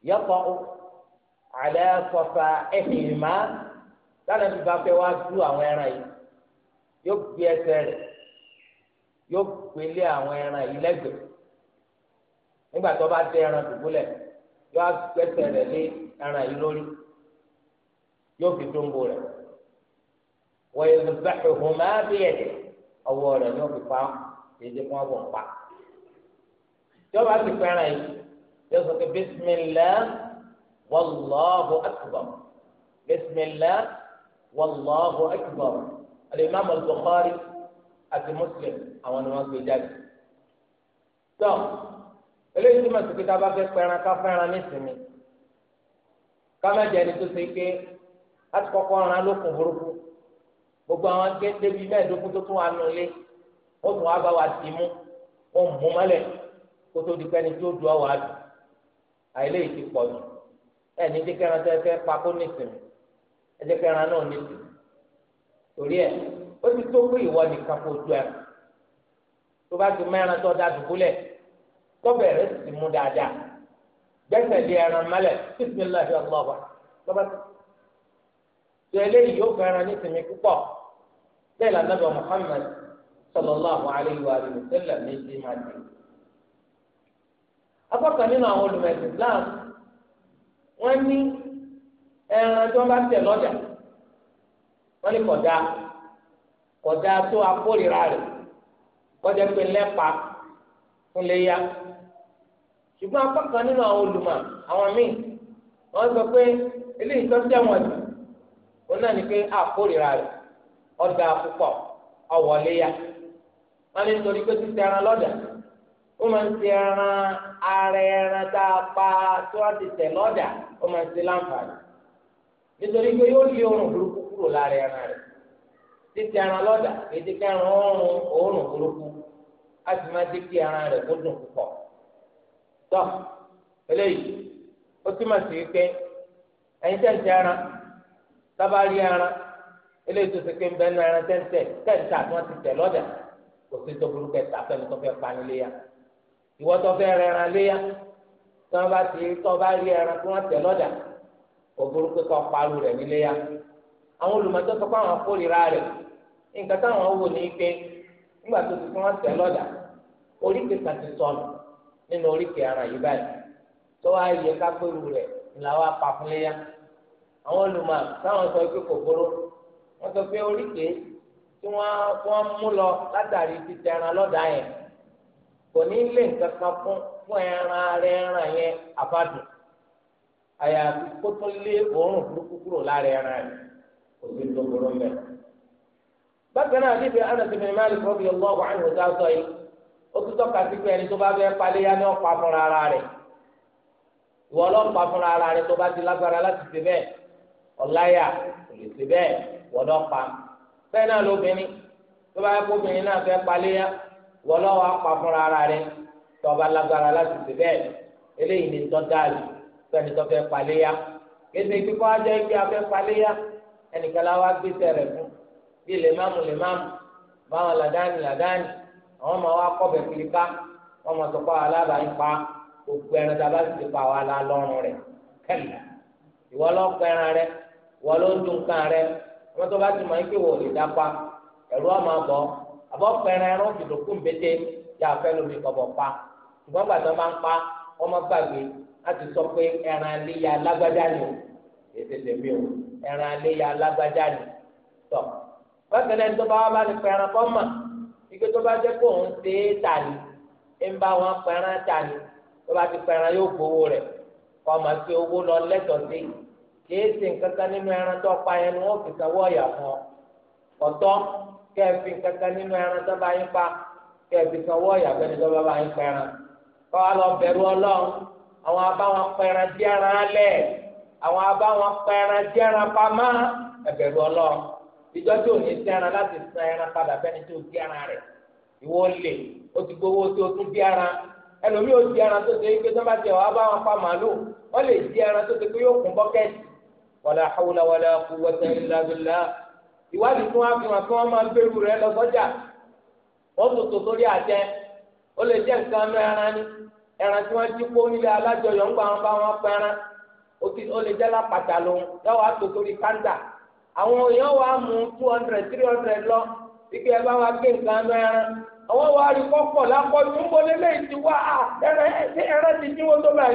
yọkọ alẹ kọfà ẹhìnmá lánàá bí bá fẹ́ wá du àwọn ẹran yìí yóò gbé ẹsẹ̀ rẹ̀ yóò gbélé àwọn ẹran yìí lẹ́gbẹ̀ẹ́ nígbà tó bá dé ẹran dùbúlẹ̀ yóò gbẹsẹ̀ rẹ̀ lé ẹran yìí lórí yóò fi dóńgbò rẹ̀ wọ́n yóò gbàgbé hùmá bí ẹ̀dẹ̀ ọwọ́ rẹ̀ ní òfin pa kì í jẹ́ kí wọ́n bọ̀ pa. ìjọba ti fẹ́ràn yìí yóò sọ pé bismillah wallahu akbar bismillah wallahu akbar al-imam al-bukhari àti muslim àwọn ni wọ́n gbé jáde. tó eléyìí tí màtí pé tábà fẹ́ pẹ́ran ká fẹ́ran nísìnyí ká má jẹ́ ẹni tó ṣe pé láti kọ́kọ́ ran lókun burúkú gbogbo àwọn géńdé bíi mẹ́ẹ̀ẹ́dógún tó tún wà nù lé ó tún wá bá wa tì mú ó mú mọ́lẹ̀ kó tó di pẹ́ni tí ó du ọwọ́ àdùn àìlè yìí ti pọ̀ jù ẹ̀ ní jẹ́ kẹran tẹ́ fẹ́ pa kó ní ìsinmi ẹ jẹ́ kẹran náà ní ìsinmi torí ẹ̀ ó ti tó pé ìwọ nìkan kó du ẹ̀ tó bá ti mẹ́ran tó da dùbúlẹ̀ tọ́bẹ̀ rẹ̀ sì ti mú dáadáa gbẹ́sẹ̀ lé ẹran mọ́lẹ̀ tó eléyìí yóò fẹ́ràn bẹ́ẹ̀ lànàbà Muhammad sallallahu alayhi wa sallam ní ti máa dé. apákan nínú àwọn olùmẹ̀sìn Islam wọ́n ní ẹran tí wọ́n bá tẹ̀ lọ́jà wọ́n ní kọ̀dá kọ̀dá tó akórira rẹ̀ kọjá pé lẹ́pa fún léyà ṣùgbọ́n apákan nínú àwọn olùmọ̀ àwọn míì wọ́n sọ pé eléyìí tó tẹ̀wọ̀n jù ó náà ní pé akórira rẹ̀ ọ̀dà púpọ̀ ọ̀wọ́léyà wọ́n ní nítorí pé títí ẹran lọ́dà ó máa ń ti ẹran ara ẹran tá a pa tí wọ́n ti tẹ̀ lọ́dà ó máa ń ti láǹfààní nítorí pé yóò lé òórùn burúkú kúrò lára ẹran rẹ̀ títí ẹran lọ́dà ètí kẹrin ọ̀rùn òórùn burúkú a sì máa ti kí ẹran kó dùn púpọ̀ tọ́ eléyìí ó túmọ̀ sí pé ẹ̀yin tẹ̀ ń tábàárí ẹran. eléyìí tó ṣe pé ń bẹ ní ara tẹ́ǹtẹ̀ tẹ́ǹtà tí wọ́n ti tẹ̀ lọ́jà kò sí tó burúkú fẹ́ni tó fẹ́ pani léya ìwọ́ tó fẹ́ rẹran léya tí wọ́n bá ti tó bá rí ẹran tí wọ́n tẹ̀ lọ́jà kò burúkú kọ́ palu rẹ̀ ní léya àwọn olùmọ̀tò sọ pé àwọn kórìíra rẹ̀ nǹkan táwọn wò ní pé nígbà tó ti wọ́n tẹ̀ oríkè kan wọ́n sọ pé oríkèé tí wọ́n mú lọ látàrí títẹ ẹran lọ́dà yẹn kò ní lè nǹkan kan fún fún ẹran ara ẹran yẹn àbádùn àyàfi kó tó lé òórùn burúkú kúrò lára ẹran yẹn kò sí tó burú mẹ́. bákan náà níbi Anas bin Malik radiyallahu anhu dáhùn yìí ó tún tọ́ka sí pé ẹni tó bá fẹ́ paléyà ní ọ̀pá fúnra ara rẹ̀ ìwọ ọlọ́pàá fúnra ara rẹ̀ tó bá ti lágbára láti ṣe bẹ́ẹ̀ ọ̀láyà kò lè ṣe bẹ́ẹ̀ wọlọ pa bẹ́ẹ̀ náà lóbìnrin tó bá yẹ kóbìnrin náà fẹ́ paléyà wọlọ wa pa fúnra ara rẹ̀ tọba lágbára láti ṣe bẹ́ẹ̀ eléyìí ni tọ́ dáàlì fẹ́ni tó fẹ́ paléyà kéde kíkọ́ ajẹ́ ibi afẹ́ paléyà ẹnìkan la wá gbé sẹ̀rẹ̀ fún bí lèmámù lèmámù báwọn làdáni làdáni àwọn ọmọ wa kọ́ bẹ̀ kiri ká wọ́n mọ̀ sọ́kọ́ alábàáyín pa gbogbo ẹran tí a bá sì ti pa wà lá lọ́rùn rẹ̀ ìwọ lọ́ọ́ pẹ́ran rẹ̀ ìwọ ló ń dùn kan rẹ̀ wọn tó bá ti mọ ike wò lè dápa ẹrú ọmọ bọ àbọ pẹrẹ ẹrú fìdókùn bété yà fẹ lómi kọbọ pa ṣùgbọ́n gbàtọ máa ń pa ọmọ gbàgbé láti sọ pé ẹran aléya ni o ètè tèmi o ẹran aléya lágbájá ni tọ tó bá wà bá ní pẹrẹ kọ mà ike tó bá jẹ kó ń bá wọn pẹrẹ ka ṣe nkata kan nínú ẹran tó pa yẹn ni wọ́n fi sanwó ka fún ọ ọ̀tọ́ kẹ́ẹ̀fì nǹkan nínú ẹran tó bá yín pa kẹ́ẹ̀fì sanwó ọ̀yà fẹ́ni tó bá bá yín pa ẹran kọ́ wa lọ bẹ̀rù àwọn abáwọn pẹran dí ẹran alẹ́ àwọn abáwọn pẹran dí ẹran pamá ẹ̀bẹ̀rù ọlọ́run ìjọ tí ò ní sí ẹran láti san ẹran padà fẹ́ni tó di o ti gbowó tí o tún di ẹlòmíì di tó ṣe é wàlà hawla wàlà quwwata illa billah ìwádìí tí wọ́n á fi hàn kí wọ́n máa ń gbèrú rẹ̀ lọ sọ́jà wọ́n tòtò sórí àtẹ ó lè jẹ́ nǹkan ọmọ ẹran ni ẹran tí wọ́n jí kó nílé alájọyọ̀ ńgbà wọn bá wọn pẹran ó lè jẹ́ lápàtà lòun lọ́wọ́ á tò sórí káńdà àwọn èèyàn wa mú two hundred three hundred lọ ike ẹ bá wa gbé nǹkan ọmọ ẹran àwọn wa rí kọ́kọ̀ lápọ̀jù ń bọ́lé lẹ́yìn tí wá ẹran ti dín wọn tó bá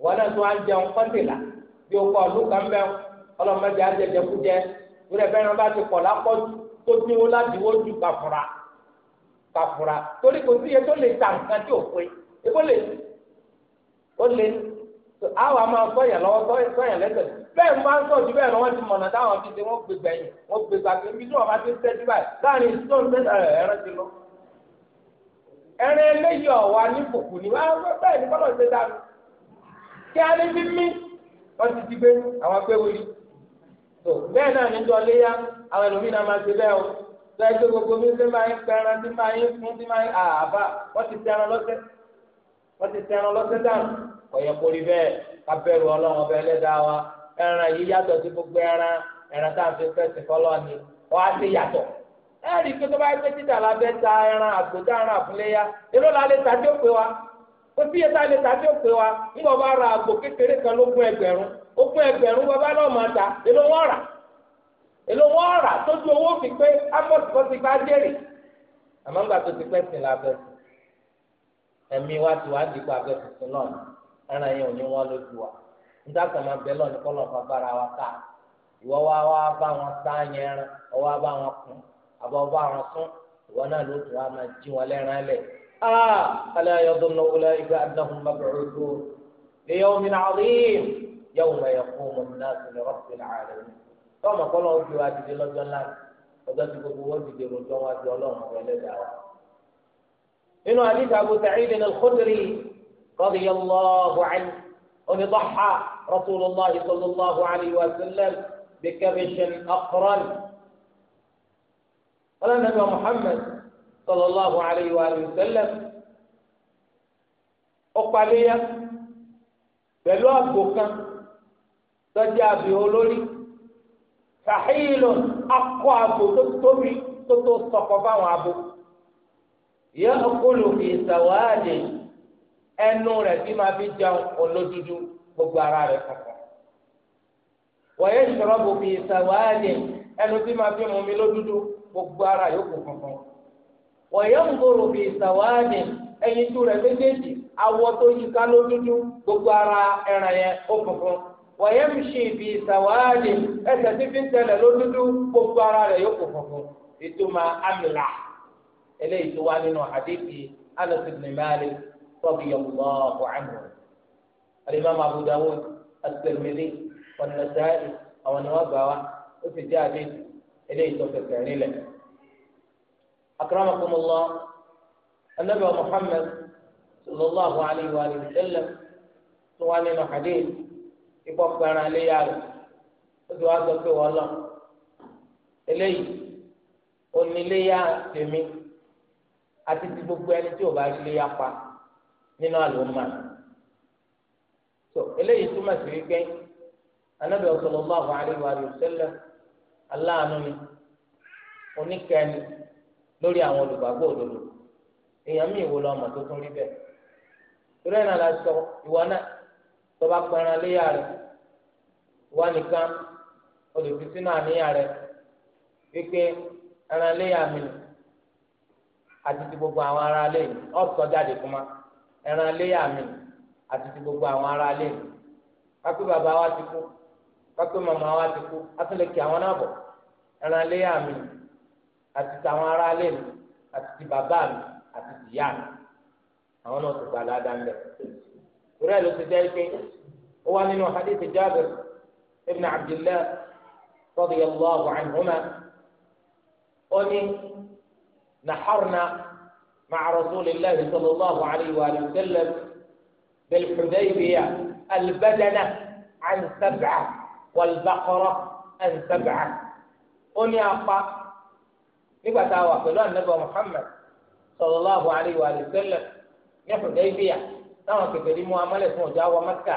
wọn náà tún á jẹun kọ́ńtìlà bí o kọ́ ọdún kan bẹ́ẹ̀ ọlọ́mọdé á jẹjẹ kú jẹ wúlò ẹ̀fẹ́ náà bá ti pọ̀ lápọ̀ tó dínwó láti wó ju kàfùrà kàfùrà torí kò sí iye tó lè ta nǹkan tí ò pé ebó lè ó lè àwọn àmọ́ sọ̀yàn lọ́wọ́ sọ̀yàn lẹ́sẹ̀ bẹ́ẹ̀ ń bá ń sọ̀jú bẹ́ẹ̀ lọ́wọ́ ti mọ̀nà táwọn fi ṣe wọ́n gbé gbẹ̀yìn wọ́n gbé gbàgbé ibi tí wọ́n bá ti ń tẹ́jú báyìí láàrin tó ń tẹ́jú ẹ̀rẹ́ ti lọ ẹ̀rẹ́ eléyìí ọ̀wà ní kòkò ní bẹ́ẹ̀ ni kọ́lọ̀ ṣe dáa kí á lé wọ́n ti ti gbé àwọn tó bẹ́ẹ̀ náà ní jọ léyà àwọn ẹlòmínà máa ti bẹ́ẹ̀ o ya tó gbogbo mi ṣe máa ń pẹran tí máa ń fún tí máa ń àbá wọ́n ti tẹran lọ́sẹ̀ wọ́n ti lọ́sẹ̀ dànù kò rí bẹ́ẹ̀ ọlọ́run ọbẹ̀ ẹlẹ́dàá wa ẹran yìí yàtọ̀ sí gbogbo ẹran ẹran tá à ń fi wọ́n á ti yàtọ̀ pé tó bá yẹ pé títà lábẹ́ ta ẹran àgbòdá ẹran wa ó sì yẹ tá a lè ta tí ó pè wa bá ra àgbò kékeré kan lógún ẹgbẹ̀rún ogún ẹgbẹ̀rún bàbá náà máa ta èlò rà èlò rà tó ju owó fi pé amọ̀sibọ́sí bá tó ti pẹ́ sí la ẹ̀mí wa ti wá abẹ́ tuntun náà yẹn ò ní wọ́n wa máa lọ́ọ̀ ní kọ́ lọ́ọ̀ wa ká wa wá آه ألا يظن أولئك أنهم مبعوثون ليوم عظيم يوم يقوم الناس لرب العالمين tọ́mọ kọ́lọ́ ojú wa dìde lọ́jọ́ ńlá ọjọ́ tí gbogbo wọn dìde lọ́jọ́ wa di ọlọ́run ọ̀rọ̀ ẹlẹ́dàá wa. nínú àdìsí Abu Sa'id al-Khudri radiyallahu anhu onídọ́xà rasulillah sallallahu alayhi wa sallam bikabishin aqran. ọlọ́run nàbẹ́ muhammed sallallahu alayhi wa sallam ọ̀pàlẹ́yà pẹ̀lú àgbò kan tọ́jú àbí olórí sàhílò akọ àbò tó tóbi tó tó sọkọ fáwọn àbò yẹ ọkọlù ìsàwádìí ẹnu rẹ̀ bí máa fi jẹun olójújú gbogbo ara rẹ̀ wọ̀yọ́ngbòrò bí ìsàwádìí ẹyin tó rẹ̀ méjèèjì awọ tó ló dúdú gbogbo ara ẹran yẹn ó funfun wọ̀yẹ́mùsì bí ìsàwádìí ẹsẹ̀ tí fi ń tẹ̀lẹ̀ ló dúdú gbogbo ara rẹ̀ yóò funfun ìtumọ̀ amìlà eléyìí tó wá nínú àdéhìí alimami Abu Dawud at-Tirmidhi àwọn gbà wá ó sì jẹ́ àdéhìí أكرمكم الله النبي محمد صلى الله عليه وآله وسلم سؤالنا حديث يبقى عليه يعني ودعاء في والله إليه oníléyà tèmi àti ti gbogbo ẹni tí o bá rí léyà pa nínú àlùmá tó eléyìí túmọ̀ sí wípé anábẹ́ sallallahu alaihi wa sallam aláàánú ni oníkẹ́ni lórí àwọn olùgbàgbọ́ òdodo èèyàn mi ìwò lọmọ tó tún rí bẹ́ẹ̀ torí ẹ̀nà la sọ ìwọ náà tọba bá pẹran léyà rẹ ìwọ nìkan olùfi sínú rẹ wípé ẹran léyà mi àti ti gbogbo àwọn ará lé jáde fún ma ẹran mi àti ti gbogbo àwọn ará lé kápẹ́ bàbá wa ti kú kápẹ́ màmá wa ti kú á tún lè kí àwọn mi. àti tàwọn ará ilé mi àti ti bàbá mi àti tìyá mi àwọn náà ti gbà ládàá mbẹ torí ẹ ló ti jẹ́ pé ó wá nínú hadith Jabir ibn Abdillah radiyallahu anhuma ó ní naharna ma'a rasulillahi sallallahu alayhi wa sallam bilhudaybiya albadana an sab'a walbaqara an sab'a ó ní apá nígbà tá a wà pẹ̀lú anabi muhammed sallallahu alayhi wa sallam ní Hudaybiyah táwọn kẹfẹ́rí mú amálẹ̀ fún ọjà wa mẹ́kà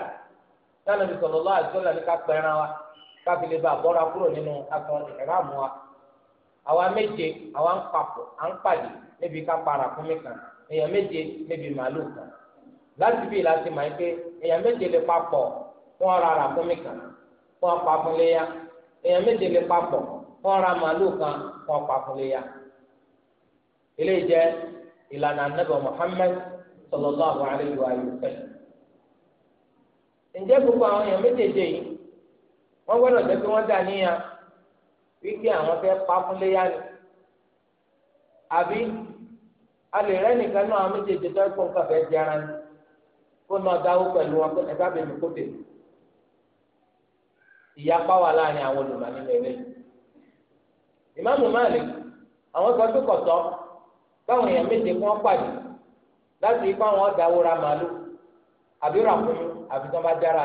táwọn ibi sallallahu alayhi wa sallam ní ká pẹ́ran wa ká fi lè bá bọ́ra kúrò nínú aṣọ ìhẹ́ráàmù wa àwa méje àwa ń papọ̀ à ń pàdé níbi ká para fún mi kan èèyàn méje níbi màálù kan láti bí láti máa pé èèyàn méje lè papọ̀ fún ọ̀rọ̀ àrà fún mi kan fún ọ̀pá kọ́ra màlúù kan kọ́ ya eléyìí jẹ́ ìlànà anabi Muhammad sallallahu alayhi wa sallam ǹjẹ́ gbogbo àwọn èèyàn méjèèjì yìí wọ́n gbọ́dọ̀ jẹ́ pé wọ́n dà níyà wípé àwọn fẹ́ pàkúléyà ni àbí alè rẹ nìkan náà àwọn méjèèjì tó ń nǹkan fẹ́ di ara ni kó náà dáwó pẹ̀lú wọn pé ẹ̀ka bèbí kó tèmi ìyapa wà láàrin àwọn olùmọ̀ eléyìí. ìmáàmù Malik àwọn sọ pé kọ̀tọ́ báwọn èèyàn méje kí wọ́n pàdé láti ipá wọn dáwó ra màálù àbí ara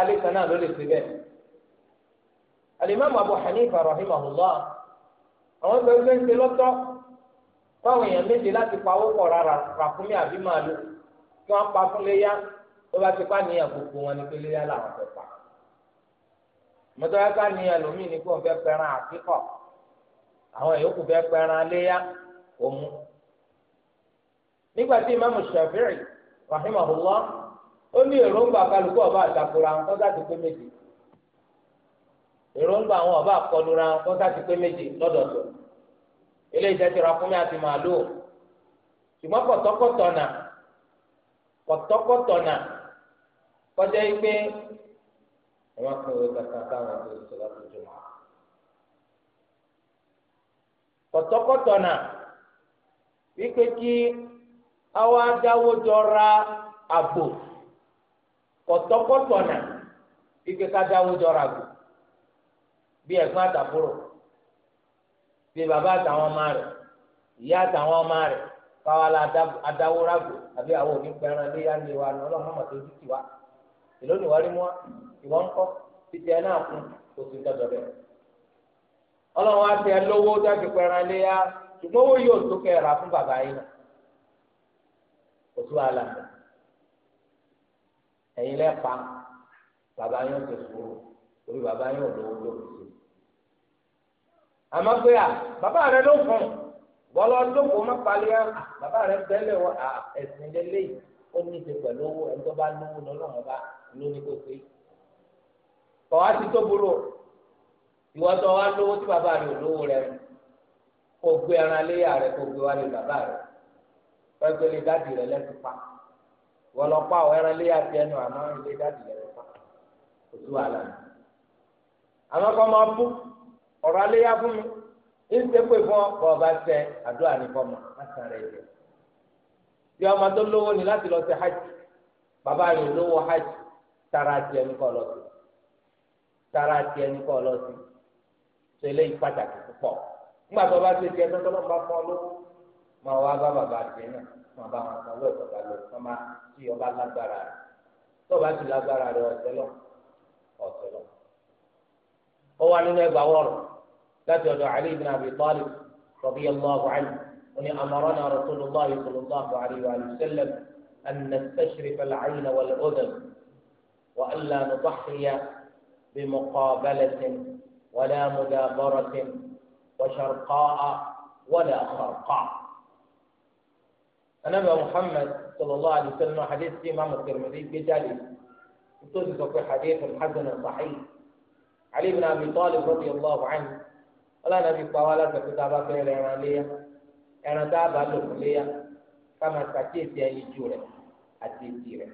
alẹ́ kan náà ló lè ṣe bẹ́ẹ̀. alimami Abu Hanifa rahimahullah àwọn sọ pé ń ṣe lọ́tọ́ báwọn èèyàn méje láti pawó pọ̀ rárá àbí màálù kí wọ́n pa fún léyà tó bá ti mọ́tòwá ká ní ẹlòmíì ní kó n fẹ́ pẹran àkíkọ̀ àwọn yòókù fẹ́ pẹran léyà òmu. nígbà tí imáàmù Shafi'i rahimahullah ó ní èròǹgbà ọba àtàkùrọ̀ àwọn kọ́sá pé méje èròǹgbà àwọn ọba àkọlùra àwọn kọ́sá pé méje lọ́dọ̀ọ̀dọ̀ àti màálù ṣùgbọ́n wọ́n kọ ìwé kankan táwọn tó ń sọ̀rọ̀ tó jùmọ̀. kọ̀tọ́kọ̀tọ̀ náà wípé kí àwọn adáwójọ ra àbò kọ̀tọ́kọ̀tọ̀ náà wípé kádáwójọ ra àbò bí ẹ̀gbọ́n àtàbúrò bí bàbá àtàwọn ọmọ rẹ̀ ìyá àtàwọn ọmọ rẹ̀ káwa la adáwó ràgbò àbí àwọn òní pẹran léyà ń lé wa ní ọmọ tó dúkìá èló ni wàá rí mú wa. ìwọ ń kọ́ títí ẹ náà fún kò sí bẹ́ẹ̀. ọlọ́run á ti ẹ lówó dájú ṣùgbọ́n owó yóò tó fún bàbá yín náà kò sí ẹ̀yin lẹ́pa bàbá ti sùúrù orí bàbá lówó sí. àmọ́ pé à bàbá rẹ ló fún bọ́lá ọdúnkò má palẹ̀ bàbá rẹ bẹ́lẹ̀ ẹ̀sìn lélẹ́yìn kọ̀wá ti tó burú ìwọ tó wá lówó tí bàbá rẹ rẹ gbé ẹran léyà rẹ kó gbé wá lé bàbá rẹ pẹ́ẹ́pẹ́ lé dáàdì rẹ lẹ́sùn pa ìwọ lọ pa àwọn ẹran ẹnu lé pa kò sí wàhálà mi. máa bú ọ̀rọ̀ fún mi ń ṣe pé fún ọba àdúrà ní fọmọ láti jẹ bí ọmọ tó lówó ni láti lọ hajj bàbá hajj tara lọ tara tiẹ̀ ní kọ́ lọ sí tó eléyìí pàtàkì púpọ̀ nígbà tó bá ṣe tiẹ̀ tó tọ́lọ́ bá fọ́ ló máa wá bá bàbá tiẹ̀ náà máa bá wọn sanwó ẹ̀ bàbá lọ kọ́ máa tí ọba lágbára rẹ̀ tó bá ti lágbára rẹ̀ ọ̀sẹ̀ lọ ọ̀sẹ̀ lọ. ó wà nínú ẹgbàá wọ̀rọ̀ láti ọ̀dọ̀ Ali ibn Abi Talib radiyallahu anhu ni amarana rasulullah sallallahu alayhi wa sallam an nastashrifa al-ayna wal-udhun wa an la بمقابلة ولا مدابرة وشرقاء ولا خرقاء أنا محمد صلى الله عليه وسلم حديث الإمام الترمذي بجلي وتوسط في حديث حسن صحيح علي بن أبي طالب رضي الله عنه ولا نبي قوالا كتابة في الإيمانية أنا تابع لكلية كما تكيس يجوري أتيتيري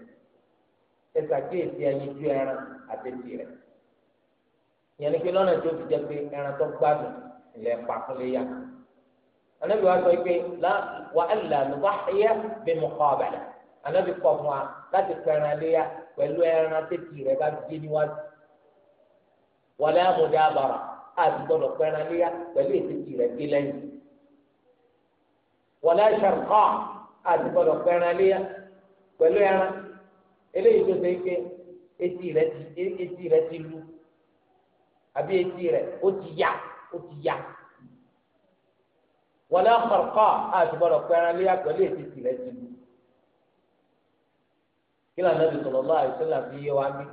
تكيس يجوري أتيتيري ìyẹn ni pé lọ́nà tó fi jẹ pé ẹran tó gbádùn ilẹ̀ pàkúlẹ̀ yá anabi wa sọ pé wà á là lùbá ẹyẹ bí mo kọ́ ọ̀bẹ̀lẹ̀ anabi kọ̀ fún wa láti pẹ̀ ẹran léyà pẹ̀lú ẹran tètè rẹ̀ bá gbé níwájú wọlé amúdé abàrà àti gbọdọ̀ pẹ̀ ẹran léyà pẹ̀lú ètètè rẹ̀ gbé lẹ́yìn wọlé ṣàrùkọ́ àti gbọdọ̀ pẹ̀ ẹran léyà pẹ̀lú ẹran eléyìí tó ṣe pé etí rẹ̀ ti lu àbí etí rẹ̀ ó ti yá ó ti yá wọlé ọkọ̀ọ̀kọ̀ àti gbọdọ̀ pẹ́ran léyà pẹ̀lú ètí tìrẹ ti lu kí lóun náà sọ̀rọ̀ lọ́wọ́ àìsílẹ̀ fi yé wa bí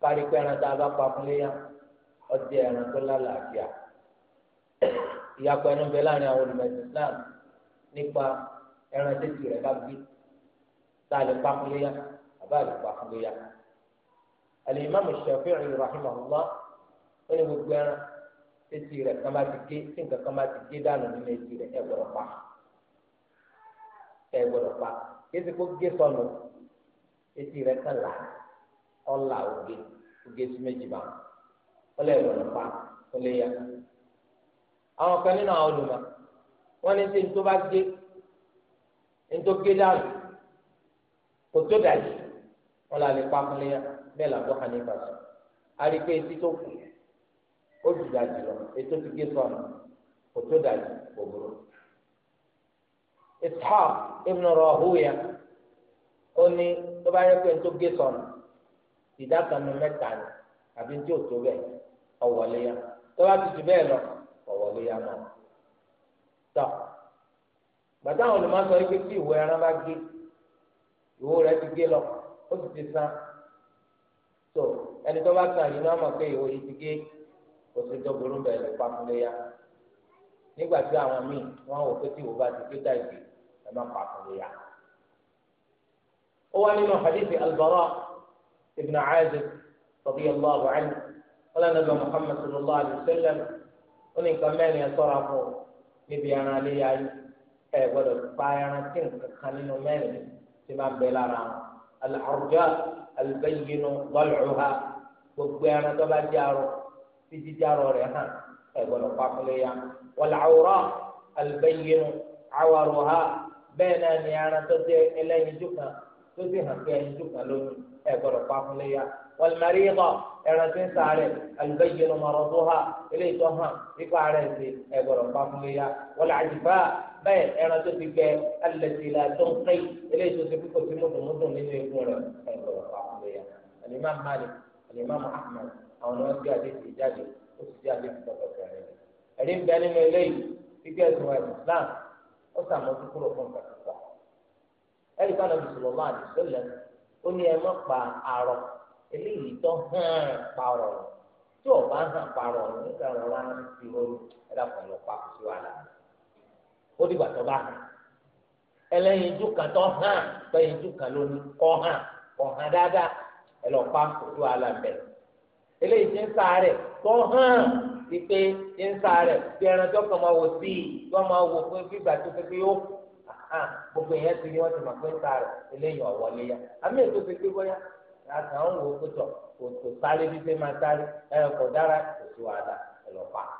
kárí pẹ́ran tá a bá pa fún léyà ọdẹ ẹran tó lálàáfíà ìyàpọ̀ ẹnu bẹ láàrin àwọn olùmọ̀ẹ́sì Islam nípa ẹran tètè rẹ̀ bá gbé tá a lè pa fún léyà àbá lè pa fún léyà. al Shafi'i rahimahullah ó ní gbogbo ẹran títí rẹ̀ kàn bá ti gé tí nǹkan kan bá ti gé dànù nínú etí rẹ̀ ẹ gbọ́dọ̀ pa ẹ gbọ́dọ̀ pa kéésì kó gé sọnù etí rẹ̀ kàn là ọ̀là ògè ògè sí méjì bá ọlẹ́ gbọ́dọ̀ pa ọlẹ́ yá àwọn kan nínú àwọn olùmọ̀ wọ́n ní sí ní bá gé ní gé dànù kò tó dàjú wọn là lè pa fúnlẹ bẹ́ẹ̀ làbọ hanifa sọ àríkpé etí tó kù ó ti dàjù lọ ètò ti gé sọnù kò tó dàjù kò burú. ishaq ibn rahuya ó ní tó bá yẹ pé gé sọnù ìdákanu mẹ́ta ni àbí tí ò tó bẹ́ẹ̀ ọ̀wọ́lé ya tó bá ti bẹ́ẹ̀ lọ ọ̀wọ́lé ya náà. tọ́ gbàtà àwọn olùmọ̀sọ yìí pé tí ìwé ẹran bá gé ìwé rẹ ti gé lọ ó sì ti san tó ẹni tó bá san yìí náà mọ̀ pé ìwé kò sí dọ́gbọ́rún bẹ̀rẹ̀ ló pa fún léyà nígbà tí àwọn míì wọn wò pé tí wò bá ti dé dá ìgbé ẹ má pa fún léyà. ó wá nínú hadithi al ibn Azib radiyallahu anhu wala nabi Muhammad sallallahu alayhi wa sallam ó ní nǹkan mẹ́rin ẹ sọ́ra fún ọ níbi ẹran léyà ẹ gbọ́dọ̀ pa ẹran tí nǹkan kan nínú mẹ́rin tí máa ń bẹ lára wọn al-arja al gbogbo ẹran tó bá jẹ́ àrùn tí jíjárọ rẹ̀ hàn ẹ̀gbọ́dọ̀ pákúlẹ̀ ya wàlà àwòrán àlùbẹ́yẹnu àwàrò ha bẹ́ẹ̀ náà ni ara tó jẹ́ ẹlẹ́yinjú kan tó sì hàn pé ẹyinjú kan lónìí ẹ̀gbọ́dọ̀ pákúlẹ̀ ya wàlùmárì ìbọn ẹran tí ń sàárẹ̀ àlùbẹ́yẹnu mọ̀rọ̀dún ha ilé ìtọ́ hàn ipa rẹ̀ ṣe ẹ̀gbọ́dọ̀ pákúlẹ̀ ya wàlà àjùbá bẹ́ẹ̀ ẹran tó ti gbẹ alẹ́sìlá tó ń pè ilé ìtọ́ ti kúkọ̀ sí mùtùmùtù nínú egun rẹ̀ ẹ̀gbọ́dọ̀ pákúlẹ̀ ya alimami alimami ahmed àwọn ni wọ́n gbé dị jáde ó sì jẹ́ àdéhùn tọ̀tọ̀tọ̀ rẹ̀ ẹ̀rí ń bẹ nínú eléyìí fífẹ́ ẹ̀sùn Islam ó sàmójú kúrò fún kàkàkà ẹ̀rí kan náà bìsùn lọ́wọ́ àdìsọ́lẹ̀ ó ní ẹ pa àrọ̀ eléyìí tó hàn tí ò bá hàn ń fi lọ pa ó dìgbà tó bá hàn tó hàn eléyìí ti ń sáré tó hàn wípé ti ń sáré bí ẹran tó kàn máa wò sí i tó máa wò fún gbígbà tó fi pé ó gbogbo èèyàn ti ní wọn ti máa ń eléyìí ya àmì ètò ti pé bóyá àtàwọn wò ó tó kò sáré bí pé máa sáré ẹ̀rọ kò dára kò sí wàhálà ẹ̀lọ́pàá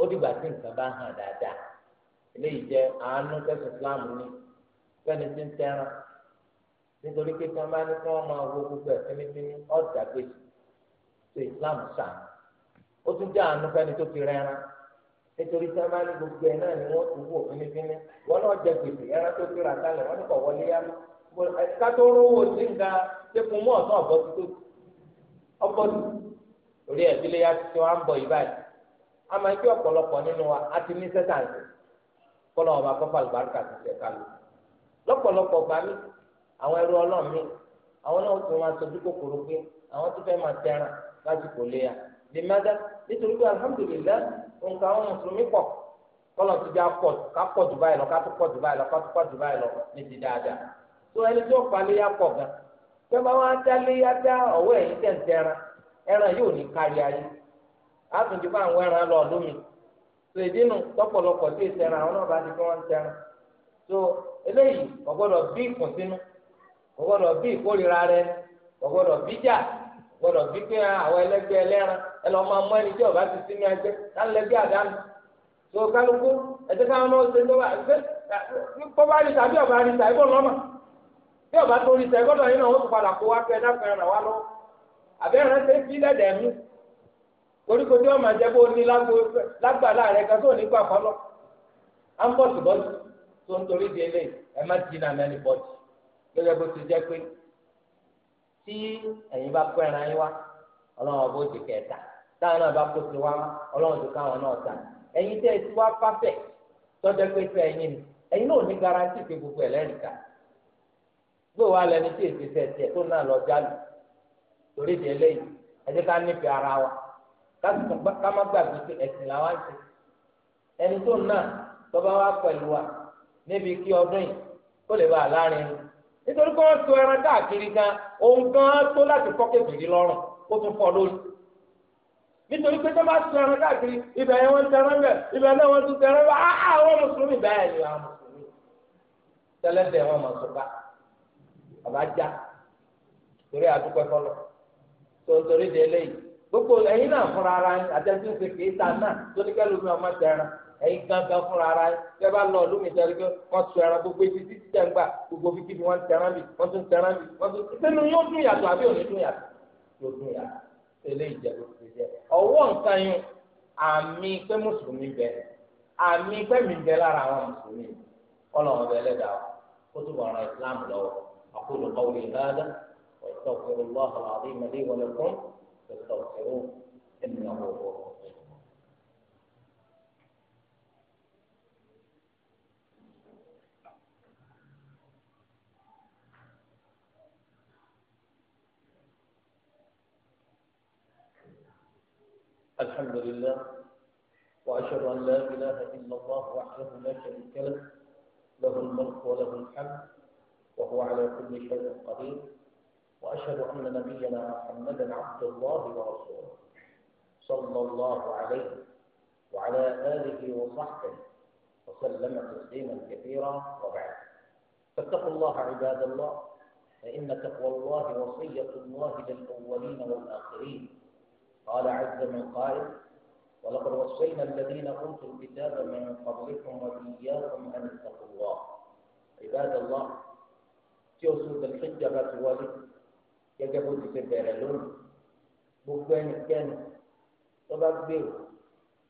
ó dìgbà tí nǹkan bá hàn dáadáa eléyìí àánú kẹsàn Islam ní ṣe islam sàn ó tún jẹ́ àánú tó ti rẹ́ran nítorí tí wọ́n ní gbogbo ẹ̀ náà ni wọ́n tún wò fínífíní wọ́n náà jẹ gbèsè ẹran tó ti ra sálẹ̀ wọ́n wọlé yá ká tó rówó sí tó tó orí yá tí wọ́n á ń bọ̀ yìí a máa kí ọ̀pọ̀lọpọ̀ nínú wa á ti ní ọba lùbáríkà ti lásìkò léya lèmádá nítorí pé alihamudulilayi nǹka àwọn mùsùlùmí pọ̀ kọlọ ti di apọ ká pọ̀ lọ ká tó pọ̀ jù lọ ká jù lọ ní ti tó ẹni tó pa ya pọ̀ gan pẹ́ẹ́bá wọn léya dá ẹran yóò ní kárí ayé àwọn ẹran lọ lómi tó ìdínú tọpọlọpọ sí àwọn náà bá wọn tó eléyìí bí bí rẹ gbọ́dọ̀ bí pé àwọn ẹlẹgbẹ́ ẹlẹ́ran ẹ máa mọ ẹni tí ọba ti sínú ẹgbẹ́ kálẹgbẹ́ àdánù tó kálukú ẹsẹ káwọn náà ṣe lọ́wọ́ ẹsẹ bọba rí ọba rí lọmọ tí ọba tó rí náà wọn tó padà kó wá wá lọ àbẹ̀rẹ̀ ṣe fi mú bó ní lágbàlá rẹ kan tó ní gbà fọlọ à ń bọ̀tù bọ́tù tó ń torí di ẹ má ti nà tí ẹ̀yin bá kó ẹran yín wá ọlọ́run ọba kẹta táwọn náà bá kó sí wá ọlọ́run ti káwọn náà ta ẹ̀yin tẹ́ ẹ ti wá fáfẹ̀ tọ́jọ́ pé ẹ̀yin ni ẹ̀yin náà ní garanti pé gbogbo gbé wa lẹni tí èsì fẹ́ tiẹ̀ tó náà lọ jálù torí di eléyìí ẹ ká ara wa ká má gbàgbé pé ẹ̀sìn làwọn ti ẹni tó nítorí kọ́ sọ ẹran káàkiri gan ohun gan tó láti fọ́ kébìrì lọ́rùn ó tún fọ́ lórí nítorí pé tó bá sọ ẹran káàkiri ibẹ̀ yẹn wọ́n tẹran bẹ̀ ibẹ̀ náà wọ́n tún tẹran bẹ̀ áá àwọn mùsùlùmí bẹ́ẹ̀ ni àwọn mùsùlùmí tẹ́lẹ̀dẹ̀ wọn já torí àdúgbò gbogbo náà fúnra ara ẹ̀yin gangan fúnra ara yín tẹ́ bá lọ lómi ìtẹ́rí pé wọ́n tu ẹran gbogbo etí títí tẹ̀ ń gbà gbogbo fi kíbi wọ́n tẹran bì wọ́n tún tẹran bì wọ́n tún sínú yóò dún yàtọ̀ àbí òní dún yàtọ̀ yóò dún yàtọ̀ tẹ́lẹ̀ ìjẹ́bù ti jẹ́ ọwọ́ nǹkan yín àmì pé mùsùlùmí bẹ àmì pé mi bẹ lára àwọn mùsùlùmí ọlọ́run bẹ lẹ́dàá kó tó wọ̀ràn ìsìlámù lọ́wọ́ أقول قولي هذا وأستغفر الله العظيم لي ولكم فاستغفروه إنه هو الحمد لله وأشهد أن لا إله إلا الله وحده لا شريك له له الملك وله الحمد وهو على كل شيء قدير وأشهد أن نبينا محمدا عبد الله ورسوله صلى الله عليه وعلى آله وصحبه وسلم تسليما كثيرا وبعد فاتقوا الله عباد الله فإن تقوى الله وصية الله للأولين والآخرين قال عز من قائل ولقد وصينا الذين اوتوا الكتاب من قبلكم واياكم ان اتقوا الله عباد الله tí oṣù tẹlifíjà bá ti wọlé gẹ́gẹ́ bó ti ṣe bẹ̀rẹ̀ lónìí gbogbo ẹnikẹ́ni tó bá gbèrò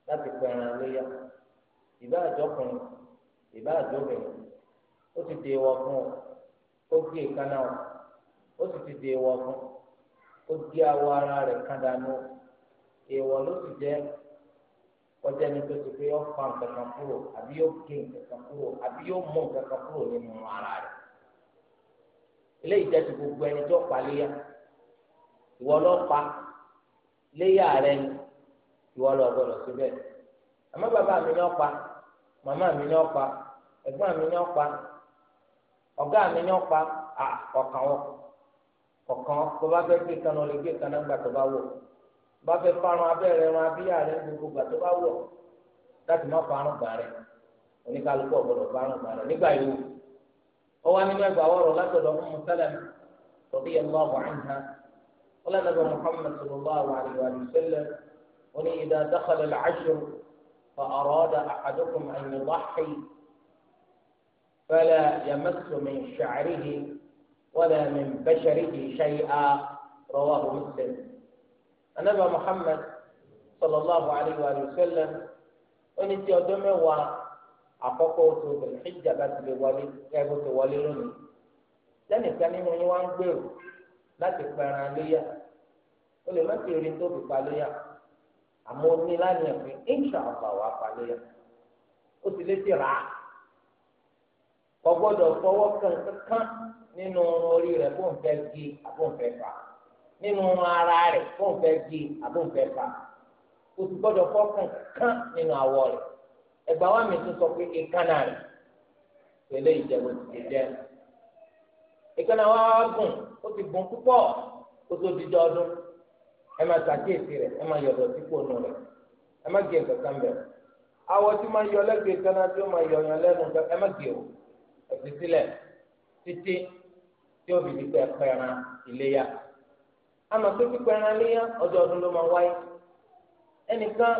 láti pẹran léyà ìbá àjọkùnrin ìbá àjọbìnrin ó ti dè wọ fún ọ ó gé èékánná ọ ó sì ti dè wọ fún ó gé awọ ara rẹ̀ kán dànù ọ. èèwọ̀ ló sì jẹ́ ọ ní tó ti pé yọ fa nǹkan kan kúrò àbí yóò gé nǹkan kan kúrò àbí yóò mú ara eléyìí ti gbogbo ẹni tó pa léyà ìwọ lọ pa léyà rẹ ni ìwọ lọ gbọ́dọ̀ síbẹ̀ àmọ́ bàbá mi ni ọ màmá mi ni ọ pa mi mi ọkàn ọkàn bá fẹ́ parun abẹ́rẹ́ wọn abíyá rẹ gbogbo gbà tó bá wọ̀ láti má parun gbà rẹ oníkálukú ọ̀gbọ́dọ̀ parun gbà rẹ nígbà yìí ó wà nínú ẹgbà ọ̀rọ̀ látọ̀dọ̀ fún mùsálẹ̀m rọ̀bí ẹ̀lọ́ àwọn àìhà lẹnu muhammed sallallahu alayhi wa sallam oní ìdá dákàlẹ̀ làásùr فأراد أحدكم أن يضحي فلا يمس من شعره ولا من بشره شيئا رواه مسلم anabi muhammed sallallahu alayhi wa sallam ó ní tí ọjọ́ mẹ́wàá àkọ́kọ́ oṣù ìjà bá ti lè wọlé ẹgbẹ́ tó wọlé lónìí lẹ́nìkan nínú yín wá ń gbèrò láti pẹran léyà ó lè má ti rí tó fi pa léyà lánìí ẹ̀fín ìṣà ọ̀gá wà pa léyà ti lé sí rà á kò gbọ́dọ̀ fọwọ́ kankan nínú orí rẹ̀ bó ń gé àbó fà á. nínú ara rẹ̀ fún òfẹ́ gbé àbófẹ́ fà kò sì gbọ́dọ̀ fọ́kàn kán nínú rẹ̀ wa mi tún sọ pé ìkànnà rẹ̀ pẹ̀lú ìjẹ̀bù ti jẹ́ ìkànnà wa gùn ó ti gùn púpọ̀ kó tó di dọ́dún ẹ máa ṣàkíyèsí rẹ̀ ẹ máa yọ̀dọ̀ sí kóònù rẹ̀ ẹ má gé nǹkan kan awọ tí ma yọ lẹ́gbẹ̀ẹ́ kaná tí ó máa yọ ọyàn lẹ́nu ẹ má gé o ẹ̀sìn sílẹ̀ títí tí ó fi di pẹ́ pẹ́ran Ama pé pípẹ́ ẹran léyà ọjọ́ ọdún ló máa wáyé ẹnìkan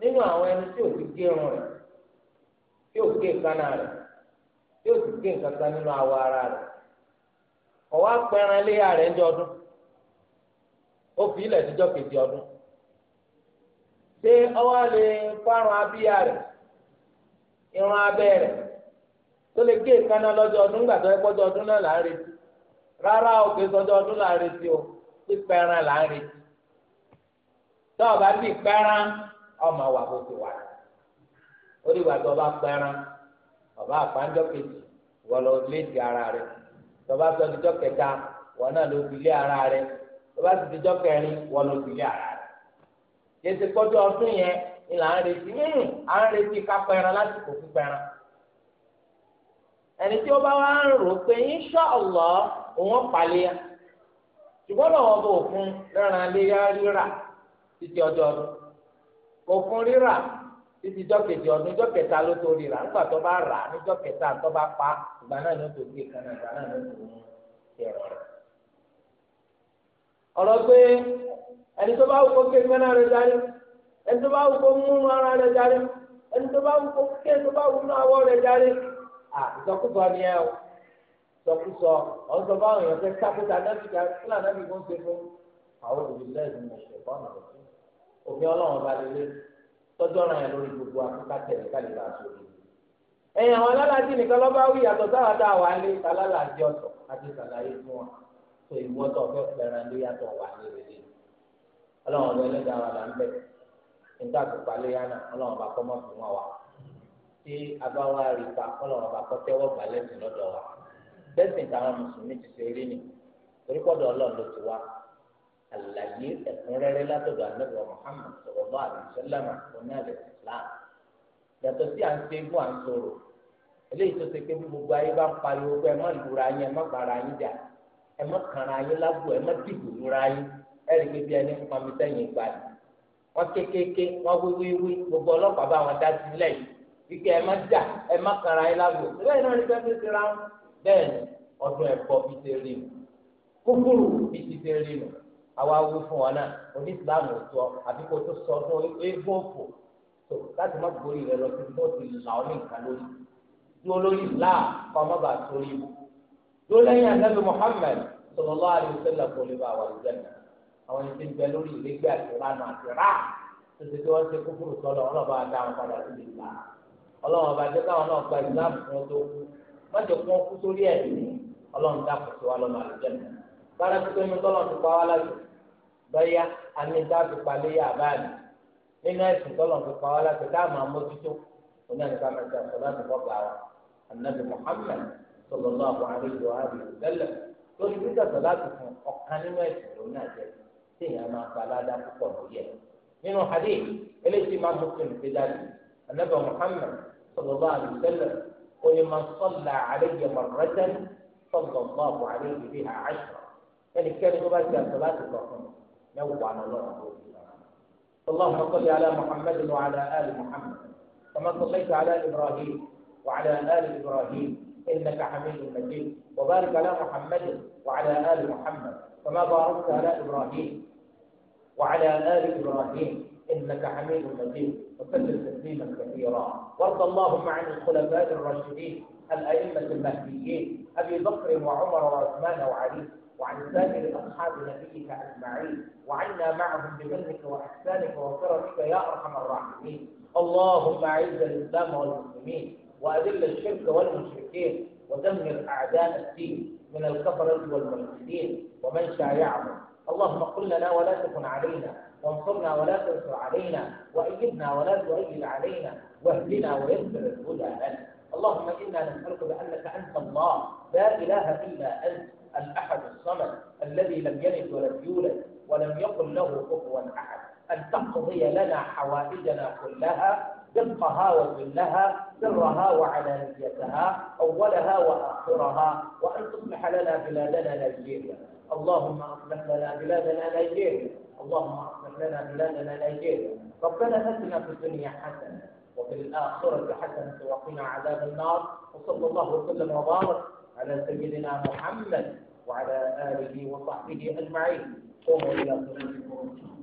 nínú àwọn ẹni tí ò gé irun rẹ̀ tí ò gé ìkánná rẹ̀ tí ò ti gé nǹkan kan nínú awọ ara rẹ̀ ọ̀wá pẹ́ ẹran léyà rẹ̀ ńjọ ọdún ó fi ilẹ̀ kejì ọdún ṣé ọwọ́ lè fárun abíyá rẹ̀ irun abẹ́ rẹ̀ tó lè gé lọ́jọ́ ọdún gbàtọ́ ẹ̀kọ́jọ́ ọdún náà rárá òkè ọdún o. ìpẹran là ń retí tó ọba bá bí ìpẹran ọmọ wà bó ti wà ó tó o ọba àpánjọ kejì wọ́n lọ lé di ara rẹ̀ tó o bá sọ kẹta wọ́n náà ara rẹ̀ tó o bá kẹrin wọ́n ara rẹ̀ yẹtí kọjú ọdún yẹn ni là ń retí hmm, à ń retí ká láti kò ẹni tí ó bá ń rò pé ṣùgbọ́n lọ́wọ́ bò fún rẹ̀ràn léyà rírà títí ọjọ́ ọdún kò fún rírà títí jọ́kejì ọdún jọ́kẹta ló tó rírà nígbà tó bá rà ní jọ́kẹta tó bá pa ìgbà náà ló tó gbé kaná ìgbà náà ló tó mú ẹ̀rọ rẹ̀. ọ̀rọ̀ pé ẹni tó bá wù kó ké kaná rẹ̀ darí ẹni tó bá wù kó mú ara rẹ̀ darí ẹni tó bá wù kó ké tó bá wù náà wọ́ rẹ̀ darí ìtọ́kùtọ̀ ni ẹ o sọkúsọ ọ̀sọ̀ báwọn èèyàn fẹ́ sákòtà nábìkà kílà nábìkà ń ṣe fún àwọn olùdílẹ́ẹ̀dì mọ̀ṣẹ̀ fọ́nà ọ̀sẹ̀ òfin ọlọ́run ọba lélẹ̀ tọ́jú ọ̀ràn yẹn lórí gbogbo akókò tẹ̀lé kálí bá aṣọ rẹ̀. ẹ̀yìn àwọn alálàájì nìkan lọ́ba wí yàtọ̀ táwọn tá a wà lé alálàájì ọ̀tọ̀ àti sàlàyé fún wa tó ìwọ́tọ̀ fẹ́ fẹ́ràn lé yàtọ̀ wà lé rẹ̀ ọlọ́run ọba ẹlẹ́dàá wà láńbẹ̀ nígbà tó palẹ̀ yánà ọlọ́run ọba kọ́ mọ́ fún wa wa tí abáwá rí pa ọlọ́run ọba kọ́ tẹ́wọ́ gbà lẹ́sìn lọ́dọ̀ wa bẹ́sìn táwọn mùsùlùmí ti ṣe rí ni torí pọ́dọ̀ ọlọ́run ló ti wá àlàyé ẹ̀kúnrẹ́rẹ́ látọ̀dọ̀ ànábì Muhammad sallallahu alaihi wasallam onílẹ̀ Islam yàtọ̀ sí à ń ṣe fún à ń sọ̀rọ̀ eléyìí tó ṣe pé bí gbogbo ayé bá ń pariwo pé ẹ má lura yín ẹ má para yín jà ẹ má kànra yín lábò ẹ má dìbò lura yín ẹ rí i pé bí ẹni ń pamí sẹ́yìn gbà ní wọ́n kékeré wọ́n wíwíwí gbogbo ọlọ́pàá bá wọn dá sílẹ̀ yìí wípé ẹ má jà ẹ má kànra yín lábò bẹ́ẹ̀ náà ní bẹ́ẹ̀ tó ti ra bẹ́ẹ̀ ni ọdún ẹ̀kọ́ fi ṣe rí nu kúkúrú fi ti ṣe rí nu àwa wí fún wọn náà oní ìsìlámù sọ àbí kò tó sọ fún eégún òfò tó láti má gbórí rẹ lọ sí bó ti nǹkan lórí dúró lórí islam kọ́ ọmọ bàá sórí mu dúró lẹ́yìn anábì muhammed sallallahu alaihi wasallam kò lè bá wà lójẹ́ náà àwọn ẹni tí ń bẹ lórí ìlẹ́gbẹ́ àti ìlànà àti rà tó ti tí wọ́n ṣe kúkúrú sọ́lọ́ ọlọ́ba àdáhùn padà sí ìlà ọlọ́wọ́n bàjẹ́ káwọn náà gba ìsìlámù fún ọdún mọ́jọ fún ọkú sórí ẹ̀ ọlọ́run dákun sí wa lọ́nà àlùjẹ́ mi bára tó tóyún tọ́lọ́run ti pa wá láti bẹ́yà àmì dáàbò paléyà àbáàlì nínú ẹ̀sìn tọ́lọ́run ti pa wá láti dáàmú àmójútó oníyanìká mẹ́ta sọ̀rọ̀ àti bọ́ọ̀gà wa anabi muhammed sallallahu alaihi wa alihi wa sallam lórí gbígbà sọ̀rọ̀ àti fún ọ̀kan nínú ẹ̀sìn lónìí àjẹ́ téèyàn máa gba aládá púpọ̀ lórí máa mú onímọ̀ sọ́là àlejò mọ̀rẹ́tẹ́n sọ́lọ̀ mọ́ ọ̀pọ̀ àlejò bí i àṣọ ẹnikẹ́ni tó صلاة ti àṣọ على الله fún اللهم صل على محمد وعلى آل محمد كما صليت على إبراهيم وعلى آل إبراهيم إنك حميد مجيد وبارك على محمد وعلى آل محمد كما باركت على إبراهيم وعلى آل إبراهيم إنك حميد مجيد وسلم تسليما كثيرا وارض اللهم عن الخلفاء الراشدين الأئمة المهديين أبي بكر وعمر وعثمان وعلي وعن سائر أصحاب نبيك أجمعين وعنا معهم بمنك وإحسانك وكرمك يا أرحم الراحمين اللهم أعز الإسلام والمسلمين وأذل الشرك والمشركين ودمر أعداء الدين من الكفرة والملحدين ومن شايعهم اللهم قل لنا ولا تكن علينا وانصرنا ولا تنصر علينا وأيدنا ولا تؤيد علينا واهدنا ويسر الهدى لنا اللهم إنا نسألك بأنك أنت الله لا إله إلا أنت الأحد الصمد الذي لم يلد ولم يولد ولم يقل له كفوا أحد أن تقضي لنا حوائجنا كلها دقها وجلها سرها وعلانيتها أولها وآخرها وأن تصلح لنا بلادنا نيجيريا اللهم اصلح لنا بلادنا نيجيريا اللهم اصلح لنا بلادنا نيجيريا ربنا اتنا في الدنيا حسنه وفي الاخره حسنه وقنا عذاب النار وصلى الله وسلم وبارك على سيدنا محمد وعلى اله وصحبه اجمعين قوموا الى صلاتكم